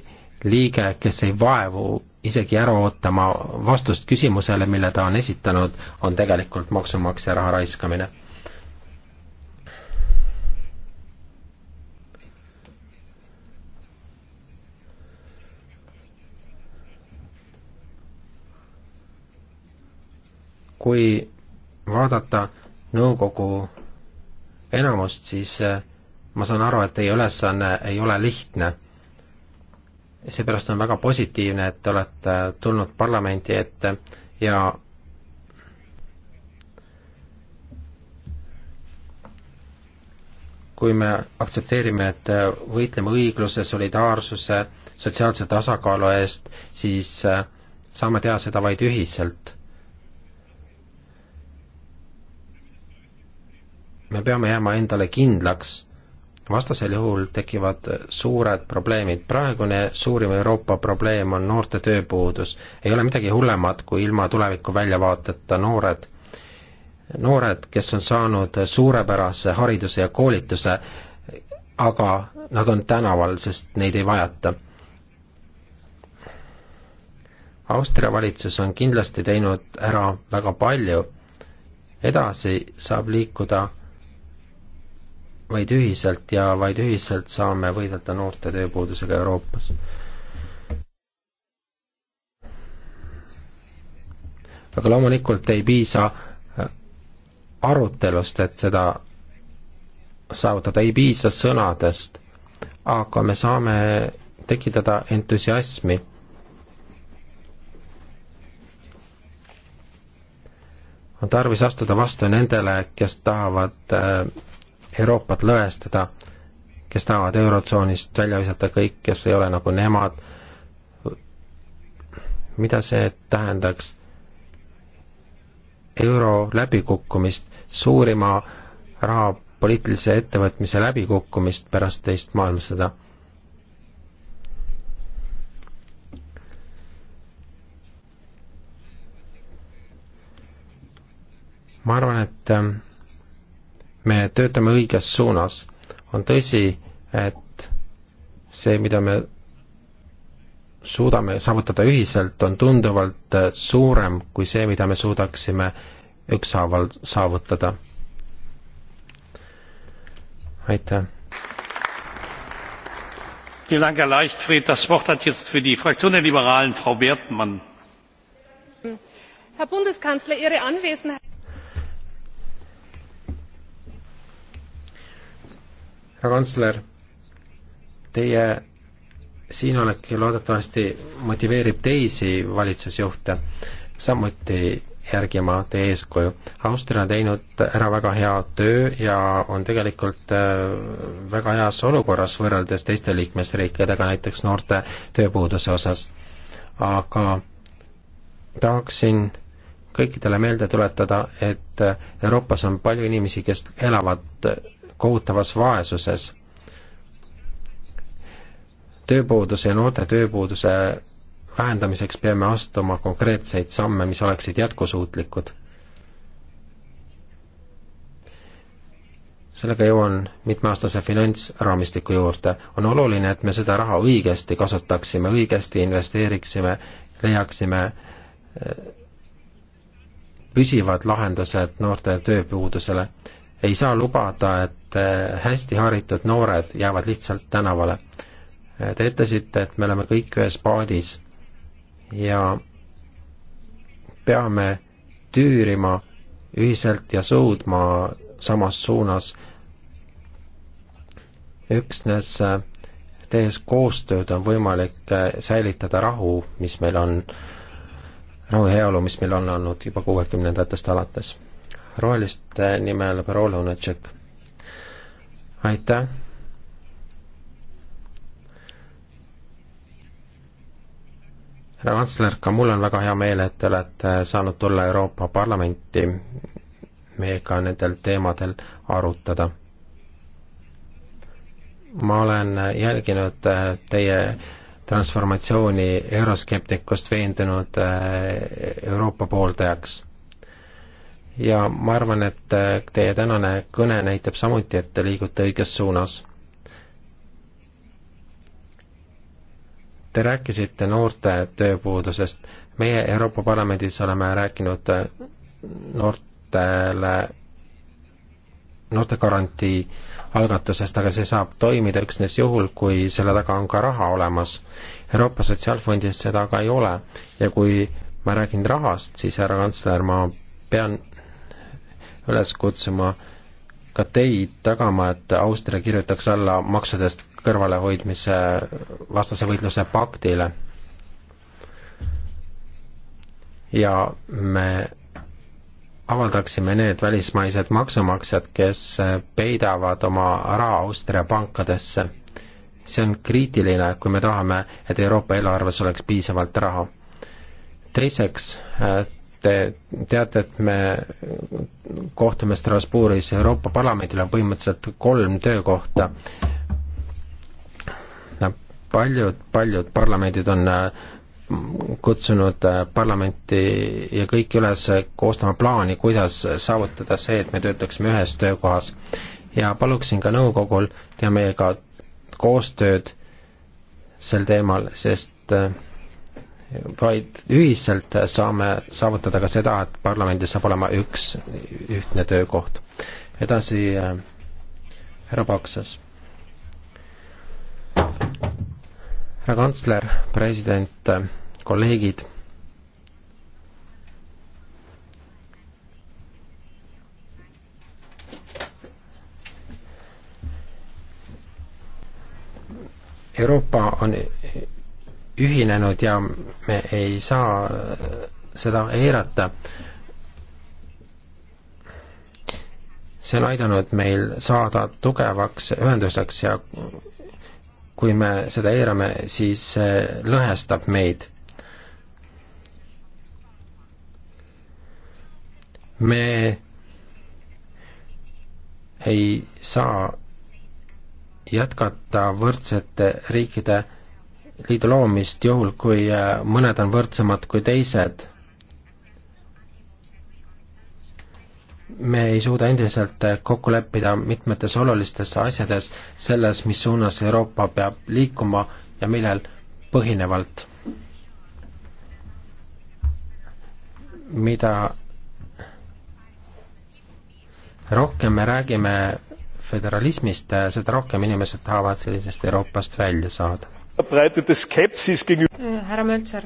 liige, kes ei vaevu isegi ära ootama vastust küsimusele, mille ta on esitanud, on tegelikult maksumaksja raha raiskamine kui vaadata nõukogu enamust, siis äh, ma saan aru, et teie ülesanne ei ole lihtne. seepärast on väga positiivne, et te olete tulnud parlamendi ette ja kui me aktsepteerime, et võitleme õigluse, solidaarsuse, sotsiaalse tasakaalu eest, siis äh, saame teha seda vaid ühiselt me peame jääma endale kindlaks, vastasel juhul tekivad suured probleemid. praegune suurim Euroopa probleem on noorte tööpuudus. ei ole midagi hullemat kui ilma tuleviku väljavaateta noored, noored, kes on saanud suurepärase hariduse ja koolituse, aga nad on tänaval, sest neid ei vajata. Austria valitsus on kindlasti teinud ära väga palju, edasi saab liikuda vaid ühiselt ja vaid ühiselt saame võidelda noorte tööpuudusega Euroopas. aga loomulikult ei piisa äh, arutelust, et seda saavutada, ei piisa sõnadest, aga me saame tekitada entusiasmi on tarvis astuda vastu nendele, kes tahavad äh, Euroopat lõhestada, kes tahavad Eurotsoonist välja visata kõik, kes ei ole nagu nemad, mida see tähendaks? euro läbikukkumist, suurima raha poliitilise ettevõtmise läbikukkumist pärast teist maailmasõda ma arvan, et ähm, me töötame õiges suunas. on tõsi, et see, mida me suudame saavutada ühiselt, on tunduvalt äh, suurem kui see, mida me suudaksime ükshaaval saavutada. aitäh. Vielen Dank, Herr Leichtfried. Das Wort hat jetzt für die Fraktion der Liberalen Frau Wertmann. Herr Bundeskanzler, Ihre Anwesenheit härra kantsler, teie siinolek ju loodetavasti motiveerib teisi valitsusjuhte samuti järgima teie eeskuju. Austria on teinud ära väga hea töö ja on tegelikult äh, väga heas olukorras võrreldes teiste liikmesriikidega, näiteks noorte tööpuuduse osas. aga tahaksin kõikidele meelde tuletada, et Euroopas on palju inimesi, kes elavad kohutavas vaesuses. tööpuuduse ja noorte tööpuuduse vähendamiseks peame astuma konkreetseid samme, mis oleksid jätkusuutlikud. sellega jõuan mitmeaastase finantsraamistiku juurde. on oluline, et me seda raha õigesti kasutaksime, õigesti investeeriksime, leiaksime eh, püsivad lahendused noorte tööpuudusele ei saa lubada, et eh, hästi haritud noored jäävad lihtsalt tänavale. Eh, te ütlesite, et me oleme kõik ühes paadis ja peame tüürima ühiselt ja suudma samas suunas. üksnes eh, tehes koostööd on võimalik säilitada rahu, mis meil on, rahu ja heaolu, mis meil on olnud juba kuuekümnendatest alates roheliste nimel Proua Lunatšek. aitäh. härra kantsler, ka mul on väga hea meel, et te olete saanud tulla Euroopa Parlamenti meiega nendel teemadel arutada. ma olen jälginud äh, teie transformatsiooni euroskeptikust veendunud äh, Euroopa pooldajaks ja ma arvan, et äh, teie tänane kõne näitab samuti, et te liigute õiges suunas. Te rääkisite noorte tööpuudusest. meie Euroopa Parlamendis oleme rääkinud äh, noortele, noortegarantii algatusest, aga see saab toimida üksnes juhul, kui selle taga on ka raha olemas. Euroopa Sotsiaalfondis seda aga ei ole ja kui ma räägin rahast, siis härra kantsler, ma pean üles kutsuma ka teid tagama, et Austria kirjutaks alla maksudest kõrvalehoidmise vastase võitluse paktile. ja me avaldaksime need välismaised maksumaksjad, kes peidavad oma raha Austria pankadesse. see on kriitiline, kui me tahame, et Euroopa eelarves oleks piisavalt raha. teiseks Te teate, et me kohtume Strasbourgis, Euroopa Parlamendil on põhimõtteliselt kolm töökohta. paljud, paljud parlamendid on äh, kutsunud äh, parlamenti ja kõiki üles koostama plaani, kuidas saavutada see, et me töötaksime ühes töökohas. ja paluksin ka nõukogul teha meiega koostööd sel teemal, sest äh, vaid ühiselt saame saavutada ka seda, et parlamendis saab olema üks ühtne töökoht. edasi äh, härra Paksas. härra kantsler, president, äh, kolleegid Euroopa on ühinenud ja me ei saa äh, seda eirata. see on aidanud meil saada tugevaks ühenduseks ja kui me seda eirame, siis see lõhestab meid. me ei saa jätkata võrdsete riikide liidu loomist juhul, kui äh, mõned on võrdsemad kui teised. me ei suuda endiselt äh, kokku leppida mitmetes olulistes asjades, selles, mis suunas Euroopa peab liikuma ja millel põhinevalt. mida rohkem me räägime föderalismist, äh, seda rohkem inimesed tahavad sellisest Euroopast välja saada Äh, härra Möltser.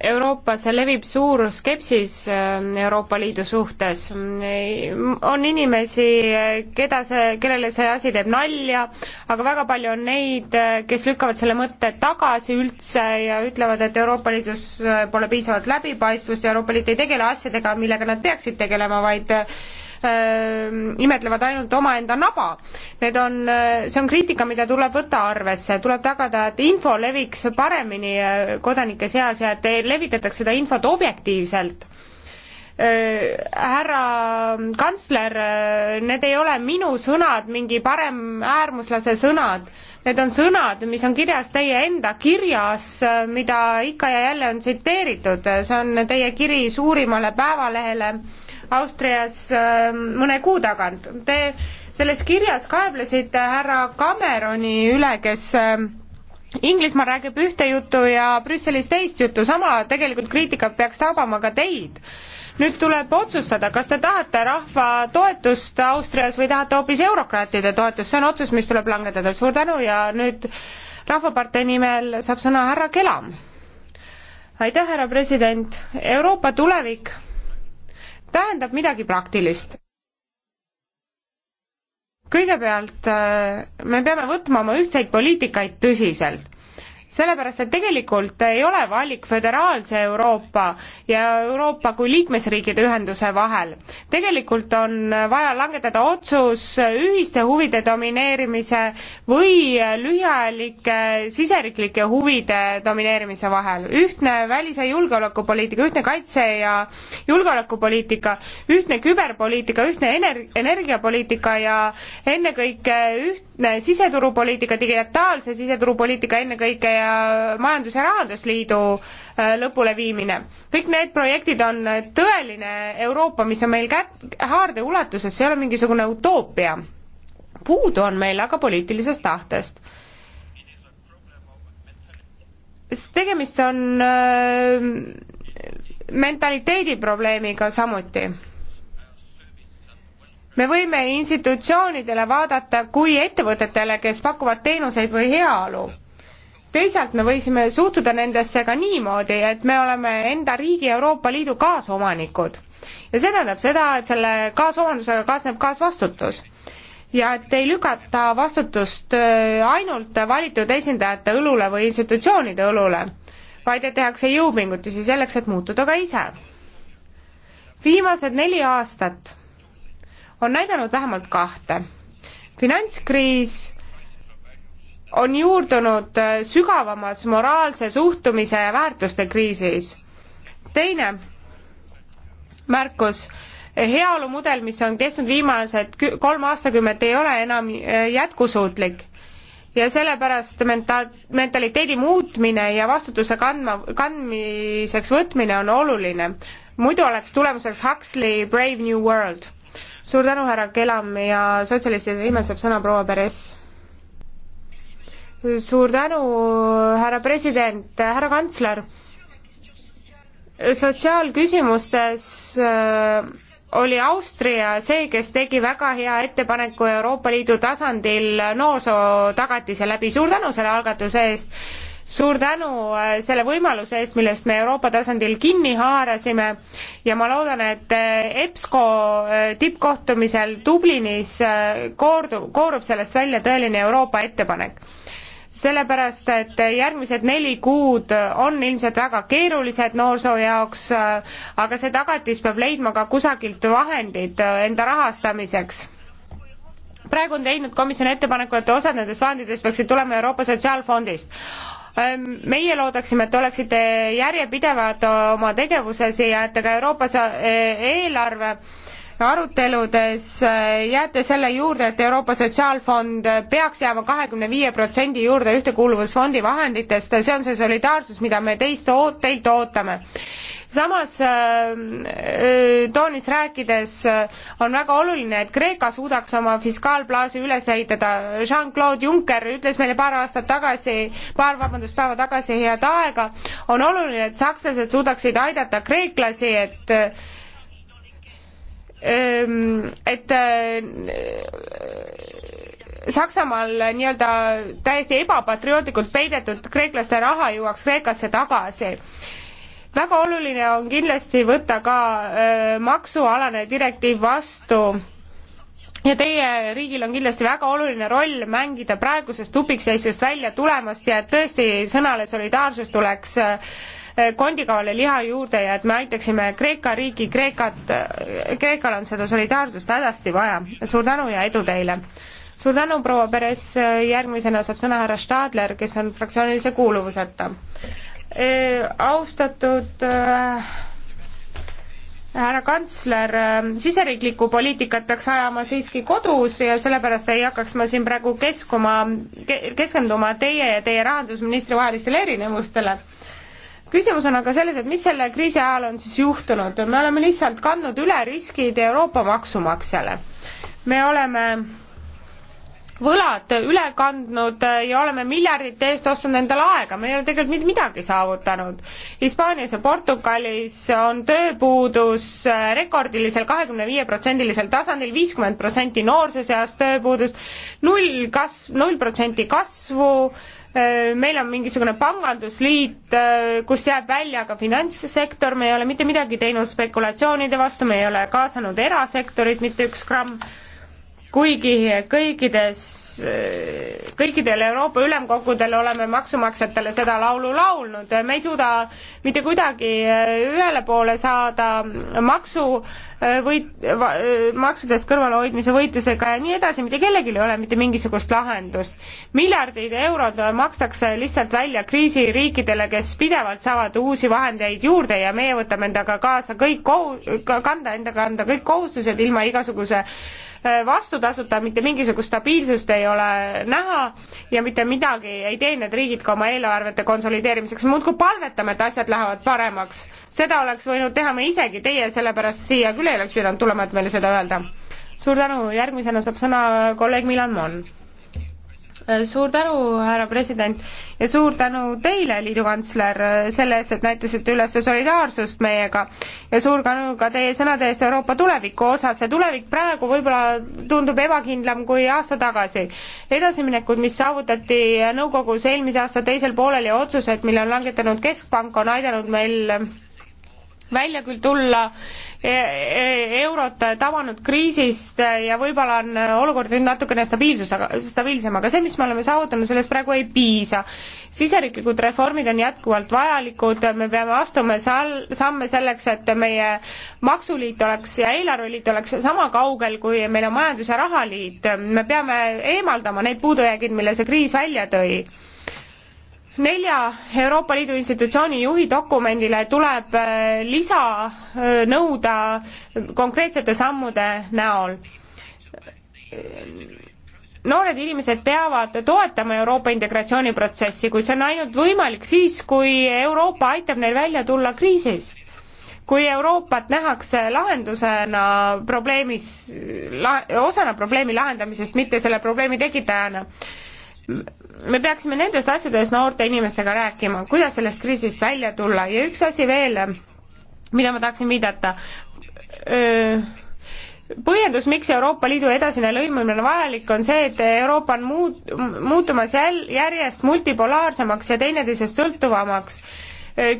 Euroopas levib suur skepsis äh, Euroopa Liidu suhtes. Äh, on inimesi, keda see, kellele see asi teeb nalja, aga väga palju on neid, kes lükkavad selle mõtte tagasi üldse ja ütlevad, et Euroopa Liidus pole piisavalt läbipaistvust ja Euroopa Liit ei tegele asjadega, millega nad peaksid tegelema, vaid Ehm, imetlevad ainult omaenda naba. Need on, eh, see on kriitika, mida tuleb võtta arvesse, tuleb tagada, et info leviks paremini eh, kodanike seas ja et levitatakse seda infot objektiivselt eh, härra kantsler, need ei ole minu sõnad, mingi paremäärmuslase sõnad. Need on sõnad, mis on kirjas teie enda kirjas, mida ikka ja jälle on tsiteeritud, see on teie kiri suurimale päevalehele Austrias ähm, mõne kuu tagant. Te selles kirjas kaeblesite härra Cameroni üle, kes ähm, Inglismaal räägib ühte juttu ja Brüsselis teist juttu, sama tegelikult kriitika peaks tabama ka teid. nüüd tuleb otsustada, kas te tahate rahva toetust Austrias või tahate hoopis eurokraatide toetust, see on otsus, mis tuleb langetada, suur tänu ja nüüd Rahvapartei nimel saab sõna härra Kelam. aitäh, härra president, Euroopa tulevik tähendab midagi praktilist. kõigepealt äh, me peame võtma oma ühtseid poliitikaid tõsiselt sellepärast, et tegelikult ei ole valik föderaalse Euroopa ja Euroopa kui liikmesriikide ühenduse vahel. tegelikult on vaja langetada otsus ühiste huvide domineerimise või lühiajalike siseriiklike huvide domineerimise vahel. ühtne välis- ja julgeolekupoliitika, ühtne kaitse- ja julgeolekupoliitika, ühtne küberpoliitika, ühtne ener-, energiapoliitika ja ennekõike ühtne siseturupoliitika, digitaalse siseturupoliitika ennekõike ja Majandus- ja Rahandusliidu äh, lõpuleviimine. kõik need projektid on tõeline Euroopa, mis on meil kät-, haarde ulatuses, see ei ole mingisugune utoopia. puudu on meil aga poliitilisest tahtest tegemist on äh, mentaliteedi probleemiga samuti. me võime institutsioonidele vaadata kui ettevõtetele, kes pakuvad teenuseid või heaolu teisalt me võisime suhtuda nendesse ka niimoodi, et me oleme enda riigi Euroopa Liidu kaasomanikud. ja see tähendab seda, et selle kaasomandusega kaasneb kaasvastutus. ja et ei lükata vastutust äh, ainult valitud esindajate õlule või institutsioonide õlule, vaid et tehakse jõupingutusi selleks, et muutuda ka ise. viimased neli aastat on näidanud vähemalt kahte finantskriis on juurdunud äh, sügavamas moraalse suhtumise ja väärtuste kriisis. teine märkus, heaolumudel, mis on kestnud viimased kolm aastakümmet, ei ole enam äh, jätkusuutlik ja sellepärast menta-, mentaliteedi muutmine ja vastutuse kandma, kandmiseks võtmine on oluline. muidu oleks tulemuseks Huxley Brave New World. suur tänu, härra Kelam ja sotsialistide nimel saab sõna proua Peres suur tänu, härra president, härra kantsler. sotsiaalküsimustes äh, oli Austria see, kes tegi väga hea ettepaneku Euroopa Liidu tasandil noorsootagatise läbi, suur tänu selle algatuse eest, suur tänu äh, selle võimaluse eest, millest me Euroopa tasandil kinni haarasime ja ma loodan, et äh, EBSCO tippkohtumisel Dublinis koordu-, koorub sellest välja tõeline Euroopa ettepanek sellepärast, et järgmised neli kuud on ilmselt väga keerulised noorsoo jaoks, aga see tagatis peab leidma ka kusagilt vahendid enda rahastamiseks praegu on teinud komisjon ettepaneku, et osad nendest vahenditest peaksid tulema Euroopa Sotsiaalfondist meie loodaksime, et oleksite järjepidevad oma tegevuses ja et ka Euroopas e-, eelarve aruteludes äh, jääte selle juurde, et Euroopa Sotsiaalfond äh, peaks jääma kahekümne viie protsendi juurde Ühtekuuluvusfondi vahenditest, see on see solidaarsus, mida me teist oot-, teilt ootame. samas äh, toonis rääkides on väga oluline, et Kreeka suudaks oma fiskaalplaasi üles ehitada. Jean-Claude Juncker ütles meile paar aastat tagasi, paar vabandust, päeva tagasi head aega, on oluline, et sakslased suudaksid aidata kreeklasi, et Ehm, et äh, Saksamaal nii-öelda täiesti ebapatriootlikult peidetud kreeklaste raha jõuaks Kreekasse tagasi. väga oluline on kindlasti võtta ka äh, maksualane direktiiv vastu ja teie riigil on kindlasti väga oluline roll mängida praegusest tupikseisust välja tulemast ja et tõesti sõnale solidaarsus tuleks äh, kondikavale liha juurde ja et me aitaksime Kreeka riiki, Kreekat, Kreekal on seda solidaarsust hädasti vaja. suur tänu ja edu teile! suur tänu, proua Peres, järgmisena saab sõna härra Stadler, kes on fraktsioonilise kuuluvuseta. E, austatud äh, härra kantsler, äh, siseriiklikku poliitikat peaks ajama siiski kodus ja sellepärast ei hakkaks ma siin praegu keskuma, keskenduma teie ja teie rahandusministri vahelistele erinevustele küsimus on aga selles, et mis selle kriisi ajal on siis juhtunud, me oleme lihtsalt kandnud üle riskid Euroopa maksumaksjale. me oleme võlad üle kandnud ja oleme miljardite eest ostnud endale aega, me ei ole tegelikult mitte midagi saavutanud. Hispaanias ja Portugalis on tööpuudus rekordilisel kahekümne viie protsendilisel tasandil, viiskümmend protsenti noorsuse seas tööpuudust, null kasv, null protsenti kasvu, Äh, meil on mingisugune pangandusliit, äh, kus jääb välja ka finantssektor, me ei ole mitte midagi teinud spekulatsioonide vastu, me ei ole kaasanud erasektorit mitte üks gramm kuigi kõikides, kõikidel Euroopa ülemkogudel oleme maksumaksjatele seda laulu laulnud, me ei suuda mitte kuidagi äh, ühele poole saada maksu äh, võit-, äh, maksudest kõrvalehoidmise võitlusega ja nii edasi, mitte kellelgi ei ole mitte mingisugust lahendust. miljardid eurod makstakse lihtsalt välja kriisiriikidele, kes pidevalt saavad uusi vahendeid juurde ja meie võtame endaga kaasa kõik kohu-, kanda enda kanda kõik kohustused ilma igasuguse Äh, vastutasuta, mitte mingisugust stabiilsust ei ole näha ja mitte midagi ei tee need riigid ka oma eelarvete konsolideerimiseks, muudkui palvetame, et asjad lähevad paremaks. seda oleks võinud teha me isegi, teie sellepärast siia küll ei oleks pidanud tulema, et meile seda öelda. suur tänu, järgmisena saab sõna kolleeg Milan Mon Äh, suur tänu, härra president, ja suur tänu teile, liidu kantsler, äh, selle eest, et näitasite üles solidaarsust meiega ja suur tänu ka teie sõnade eest Euroopa tuleviku osas ja tulevik praegu võib-olla tundub ebakindlam kui aasta tagasi. edasiminekud, mis saavutati nõukogus eelmise aasta teisel poolel ja otsused, mille on langetanud Keskpank, on aidanud meil välja küll tulla e e eurot tabanud kriisist ja võib-olla on olukord nüüd natukene stabiilsusega, stabiilsem, aga see, mis me oleme saavutanud, sellest praegu ei piisa. siseriiklikud reformid on jätkuvalt vajalikud, me peame astuma sal-, samme selleks, et meie maksuliit oleks ja eelarveliit oleks sama kaugel, kui meil on majandus- ja rahaliit, me peame eemaldama need puudujäägid, mille see kriis välja tõi nelja Euroopa Liidu institutsiooni juhi dokumendile tuleb äh, lisa äh, nõuda konkreetsete sammude näol. noored inimesed peavad toetama Euroopa integratsiooniprotsessi, kuid see on ainult võimalik siis, kui Euroopa aitab neil välja tulla kriisist. kui Euroopat nähakse lahendusena probleemis, osana probleemi lahendamisest, mitte selle probleemi tekitajana me peaksime nendest asjadest noorte inimestega rääkima, kuidas sellest kriisist välja tulla ja üks asi veel, mida ma tahaksin viidata, põhjendus, miks Euroopa Liidu edasine lõimumine on vajalik, on see, et Euroopa on muut-, muutumas jäl-, järjest multipolaarsemaks ja teineteisest sõltuvamaks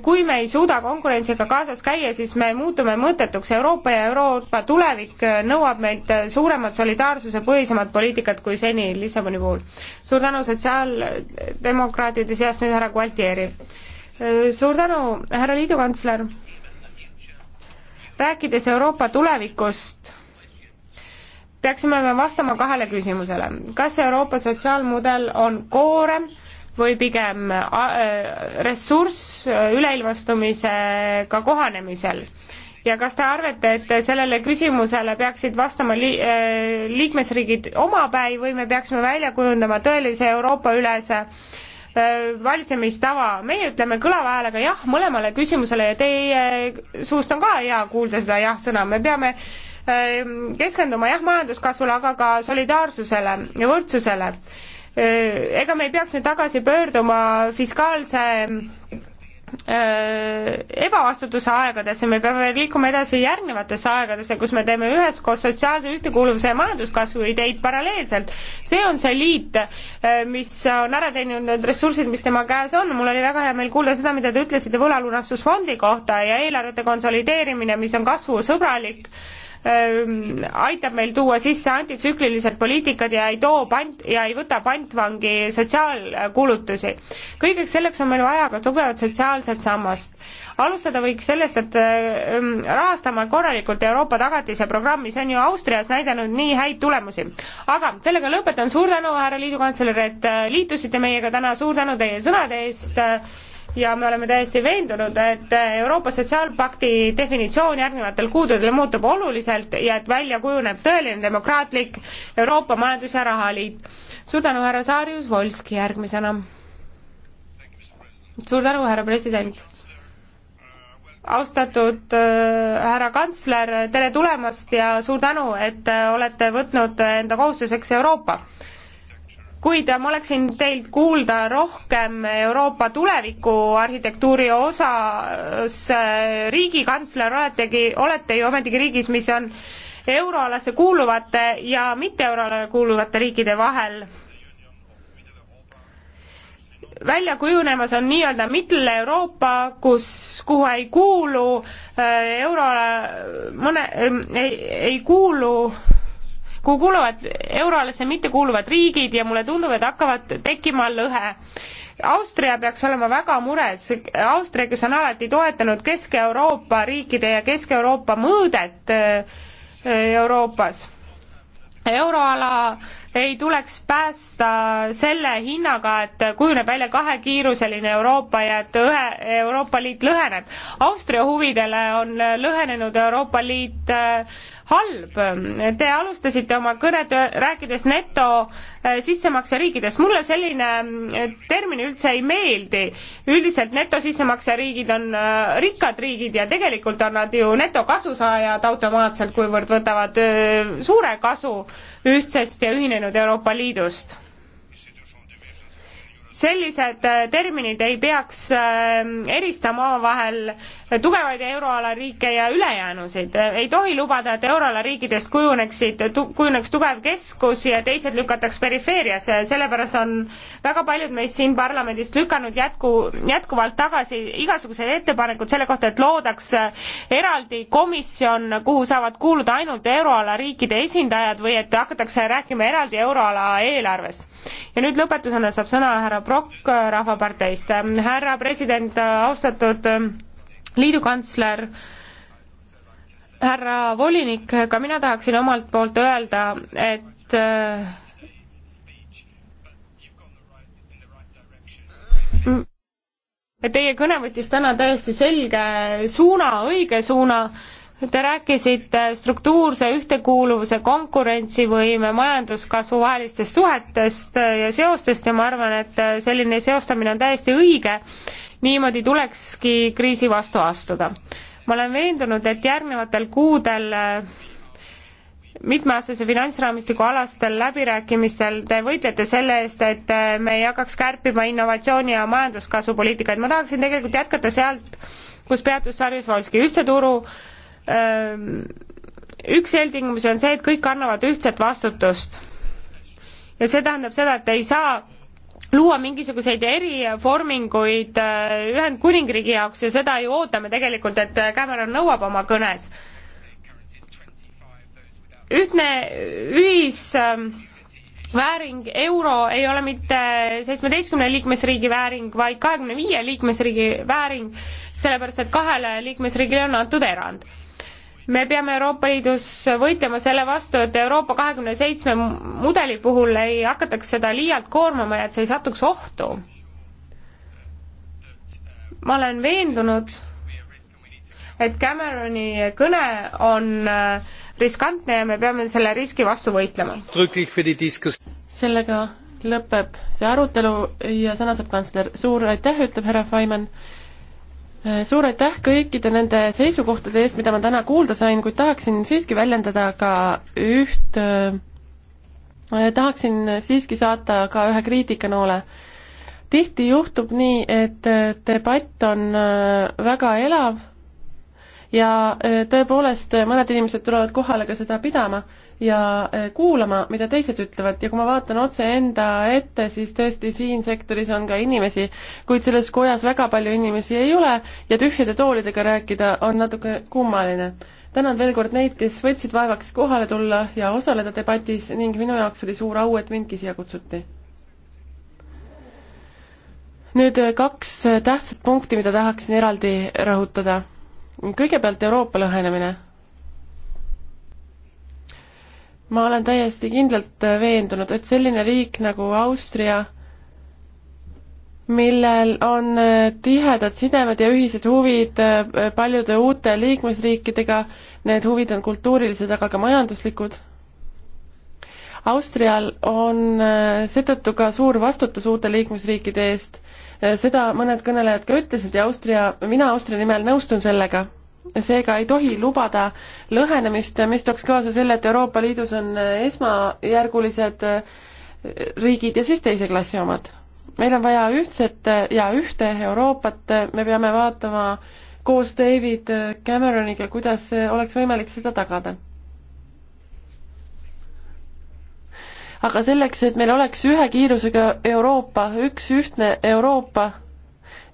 kui me ei suuda konkurentsiga kaasas käia, siis me muutume mõttetuks. Euroopa ja Euroopa tulevik nõuab meilt suuremat solidaarsuse põhisemat poliitikat kui seni Lissaboni puhul. suur tänu sotsiaaldemokraatide seast nüüd härra Gualtieri. suur tänu, härra liidukantsler. rääkides Euroopa tulevikust, peaksime me vastama kahele küsimusele. kas Euroopa sotsiaalmudel on koorem või pigem äh, ressurss äh, üleilmastumisega kohanemisel? ja kas te arvate, et sellele küsimusele peaksid vastama li-, äh, liikmesriigid omapäi või me peaksime välja kujundama tõelise Euroopa-ülese valitsemistava, meie ütleme kõlava häälega jah mõlemale küsimusele ja teie suust on ka hea kuulda seda jah-sõna, me peame keskenduma jah majanduskasvule, aga ka solidaarsusele ja võrdsusele Äh, ega me ei peaks nüüd tagasi pöörduma fiskaalse äh, ebavastutuse aegadesse, me peame liikuma edasi järgnevatesse aegadesse, kus me teeme üheskoos sotsiaalse ühtekuuluvuse ja majanduskasvu ideid paralleelselt. see on see liit, äh, mis on ära teeninud need ressursid, mis tema käes on, mul oli väga hea meel kuulda seda, mida te ütlesite võlalunastusfondi kohta ja eelarvete konsolideerimine, mis on kasvusõbralik Ehm, aitab meil tuua sisse antitsüklilised poliitikad ja ei too pant- ja ei võta pantvangi sotsiaalkulutusi. kõigeks selleks on meil vaja ka tugevat sotsiaalset sammast. alustada võiks sellest, et ehm, rahastame korralikult Euroopa tagatise programmi, see on ju Austrias näidanud nii häid tulemusi. aga sellega lõpetan, suur tänu, härra liidukantsler, et äh, liitusite meiega täna, suur tänu teie sõnade eest ja me oleme täiesti veendunud, et Euroopa Sotsiaalpakti definitsioon järgnevatel kuudel muutub oluliselt ja et välja kujuneb tõeline demokraatlik Euroopa Majandus- ja Rahaliit. suur tänu, härra Saarius, Volski järgmisena. suur tänu, härra president. austatud äh, härra kantsler, tere tulemast ja suur tänu, et äh, olete võtnud enda kohustuseks Euroopa kuid ma oleksin teilt kuulda rohkem Euroopa tuleviku arhitektuuri osas. riigikantsler oletegi, olete ju ometigi riigis, mis on euroalasse kuuluvate ja mitte euroalale kuuluvate riikide vahel välja kujunemas on nii-öelda Mittel-Euroopa, kus, kuhu ei kuulu äh, euro, mõne äh,, ei, ei kuulu kuhu kuuluvad euroalasse mittekuuluvad riigid ja mulle tundub, et hakkavad tekkima lõhe. Austria peaks olema väga mures, Austria, kes on alati toetanud Kesk-Euroopa riikide ja Kesk-Euroopa mõõdet eh, Euroopas euroala ei tuleks päästa selle hinnaga, et kujuneb välja kahekiiruseline Euroopa ja et ühe, Euroopa Liit lõheneb. Austria huvidele on lõhenenud Euroopa Liit eh, halb. Te alustasite oma kõnet rääkides neto eh, sissemakseriikidest. mulle selline eh, termin üldse ei meeldi. üldiselt netosissemakseriigid on eh, rikkad riigid ja tegelikult on nad ju netokasusaajad automaatselt, kuivõrd võtavad suure kasu ühtsest ja ühinenud Euroopa Liidust sellised äh, terminid ei peaks ähm, eristama omavahel tugevaid euroala riike ja ülejäänusid. Äh, ei tohi lubada, et euroala riikidest kujuneksid, kujuneks tugev keskus ja teised lükataks perifeeriasse, sellepärast on väga paljud meist siin parlamendist lükanud jätku, jätkuvalt tagasi igasugused ettepanekud selle kohta, et loodaks äh, eraldi komisjon, kuhu saavad kuuluda ainult euroala riikide esindajad või et hakatakse rääkima eraldi euroala eelarvest. ja nüüd lõpetusena saab sõna härra Brokk äh, Rahvaparteist. härra president, äh, austatud äh, liidukantsler, härra volinik, ka mina tahaksin omalt poolt öelda, et teie kõne võttis täna täiesti selge suuna, õige suuna Te rääkisite struktuurse ühtekuuluvuse, konkurentsivõime, majanduskasvu vahelistest suhetest ja seostest ja ma arvan, et selline seostamine on täiesti õige. niimoodi tulekski kriisi vastu astuda. ma olen veendunud, et järgnevatel kuudel mitmeaastase finantsraamistiku alastel läbirääkimistel te võitlete selle eest, et me ei hakkaks kärpima innovatsiooni ja majanduskasvu poliitikaid. ma tahaksin tegelikult jätkata sealt, kus peatus Sarjus Volski, ühtse turu äh, üks eeltingimusi on see, et kõik annavad ühtset vastutust. ja see tähendab seda, et ei saa luua mingisuguseid eriforminguid Ühendkuningriigi jaoks ja seda ju ootame tegelikult, et Cameron nõuab oma kõnes. ühtne ühisvääring euro ei ole mitte seitsmeteistkümne liikmesriigi vääring, vaid kahekümne viie liikmesriigi vääring, sellepärast et kahele liikmesriigile on antud erand me peame Euroopa Liidus võitlema selle vastu, et Euroopa kahekümne seitsme mudeli puhul ei hakataks seda liialt koormama ja et see ei satuks ohtu. ma olen veendunud, et Cameroni kõne on äh, riskantne ja me peame selle riski vastu võitlema. sellega lõpeb see arutelu ja sõna saab kantsler. suur aitäh, ütleb härra Faimann suur aitäh kõikide nende seisukohtade eest, mida ma täna kuulda sain, kuid tahaksin siiski väljendada ka üht, äh, tahaksin siiski saata ka ühe kriitikanoole. tihti juhtub nii, et äh, debatt on äh, väga elav ja tõepoolest mõned inimesed tulevad kohale ka seda pidama ja eh, kuulama, mida teised ütlevad ja kui ma vaatan otse enda ette, siis tõesti siin sektoris on ka inimesi, kuid selles kojas väga palju inimesi ei ole ja tühjade toolidega rääkida on natuke kummaline. tänan veel kord neid, kes võtsid vaevaks kohale tulla ja osaleda debatis ning minu jaoks oli suur au, et mindki siia kutsuti. nüüd eh, kaks eh, tähtsat punkti, mida tahaksin eraldi rõhutada. kõigepealt Euroopa lõhenemine ma olen täiesti kindlalt äh, veendunud, et selline riik nagu Austria, millel on äh, tihedad sidemed ja ühised huvid äh, paljude uute liikmesriikidega, need huvid on kultuurilised, aga ka majanduslikud. Austrial on seetõttu ka suur vastutus uute liikmesriikide eest. seda mõned kõnelejad ka ütlesid ja Austria, mina Austria nimel nõustun sellega seega ei tohi lubada lõhenemist, mis tooks kaasa selle, et Euroopa Liidus on esmajärgulised riigid ja siis teise klassi omad. meil on vaja ühtset ja ühte Euroopat, me peame vaatama koos David Cameroniga, kuidas oleks võimalik seda tagada. aga selleks, et meil oleks ühe kiirusega Euroopa, üks ühtne Euroopa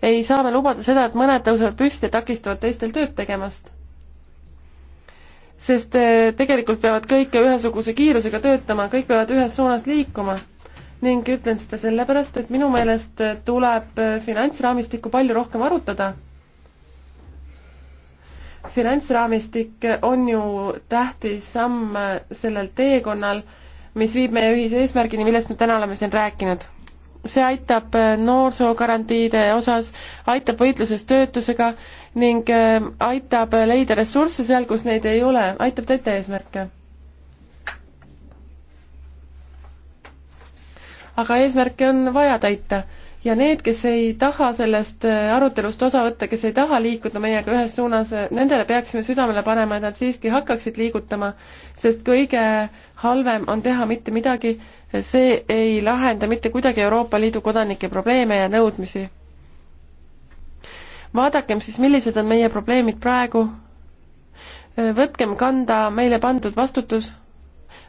ei saa me lubada seda, et mõned tõusevad püsti ja takistavad teistel tööd tegemast. sest eh, tegelikult peavad kõik ühesuguse kiirusega töötama, kõik peavad ühes suunas liikuma ning ütlen seda sellepärast, et minu meelest tuleb eh, finantsraamistikku palju rohkem arutada. finantsraamistik on ju tähtis samm sellel teekonnal, mis viib meie ühise eesmärgini, millest me täna oleme siin rääkinud see aitab äh, noorsoogarantiide osas, aitab võitluses töötusega ning äh, aitab äh, leida ressursse seal, kus neid ei ole, aitab täita eesmärke. aga eesmärke on vaja täita ja need, kes ei taha sellest äh, arutelust osa võtta, kes ei taha liikuda meiega ühes suunas, äh, nendele peaksime südamele panema, et nad siiski hakkaksid liigutama, sest kõige halvem on teha mitte midagi, see ei lahenda mitte kuidagi Euroopa Liidu kodanike probleeme ja nõudmisi. vaadakem siis, millised on meie probleemid praegu, äh, võtkem kanda meile pandud vastutus,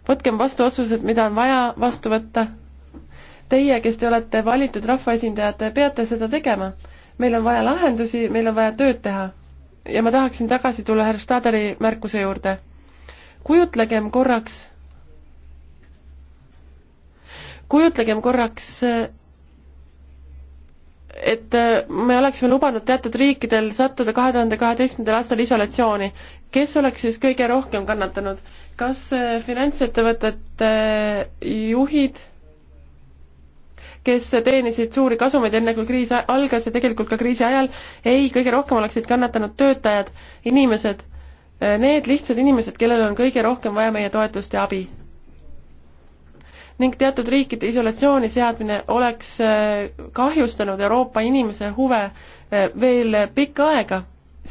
võtkem vastu otsused, mida on vaja vastu võtta teie, kes te olete valitud rahvaesindajad, peate seda tegema. meil on vaja lahendusi, meil on vaja tööd teha. ja ma tahaksin tagasi tulla härra Staderi märkuse juurde. kujutlegem korraks, kujutlegem korraks et me oleksime lubanud teatud riikidel sattuda kahe tuhande kaheteistkümnendal aastal isolatsiooni. kes oleks siis kõige rohkem kannatanud? kas eh, finantsettevõtete juhid kes teenisid suuri kasumeid enne, kui kriis algas ja tegelikult ka kriisi ajal, ei, kõige rohkem oleksid kannatanud töötajad, inimesed, need lihtsad inimesed, kellel on kõige rohkem vaja meie toetust ja abi. ning teatud riikide isolatsiooni seadmine oleks äh, kahjustanud Euroopa inimese huve äh, veel pikka aega.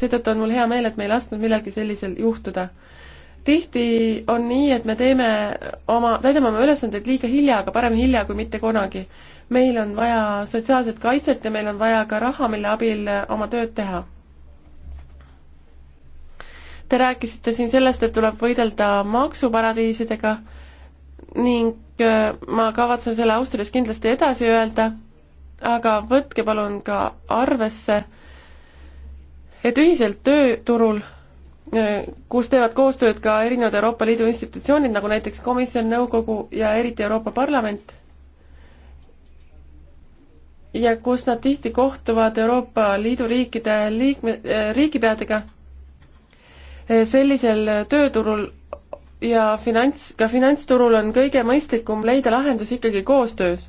seetõttu on mul hea meel, et me ei lasknud millalgi sellisel juhtuda tihti on nii, et me teeme oma, täidame oma ülesandeid liiga hilja, aga parem hilja kui mitte kunagi. meil on vaja sotsiaalset kaitset ja meil on vaja ka raha, mille abil oma tööd teha. Te rääkisite siin sellest, et tuleb võidelda maksuparadiisidega ning äh, ma kavatsen selle Austrias kindlasti edasi öelda, aga võtke palun ka arvesse, et ühiselt tööturul kus teevad koostööd ka erinevad Euroopa Liidu institutsioonid, nagu näiteks komisjon, nõukogu ja eriti Euroopa Parlament, ja kus nad tihti kohtuvad Euroopa Liidu riikide liikme, eh, riigipeadega, eh, sellisel tööturul ja finants, ka finantsturul on kõige mõistlikum leida lahendus ikkagi koostöös.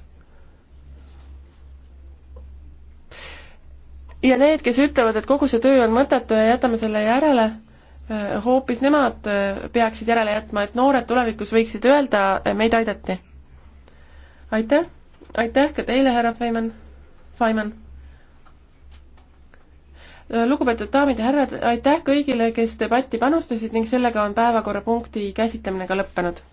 ja need, kes ütlevad, et kogu see töö on mõttetu ja jätame selle järele Äh, hoopis nemad äh, peaksid järele jätma, et noored tulevikus võiksid öelda, äh, meid aidati. aitäh, aitäh ka teile, härra Feiman, Faiman. lugupeetud daamid ja härrad, aitäh kõigile, kes debatti panustasid ning sellega on päevakorrapunkti käsitlemine ka lõppenud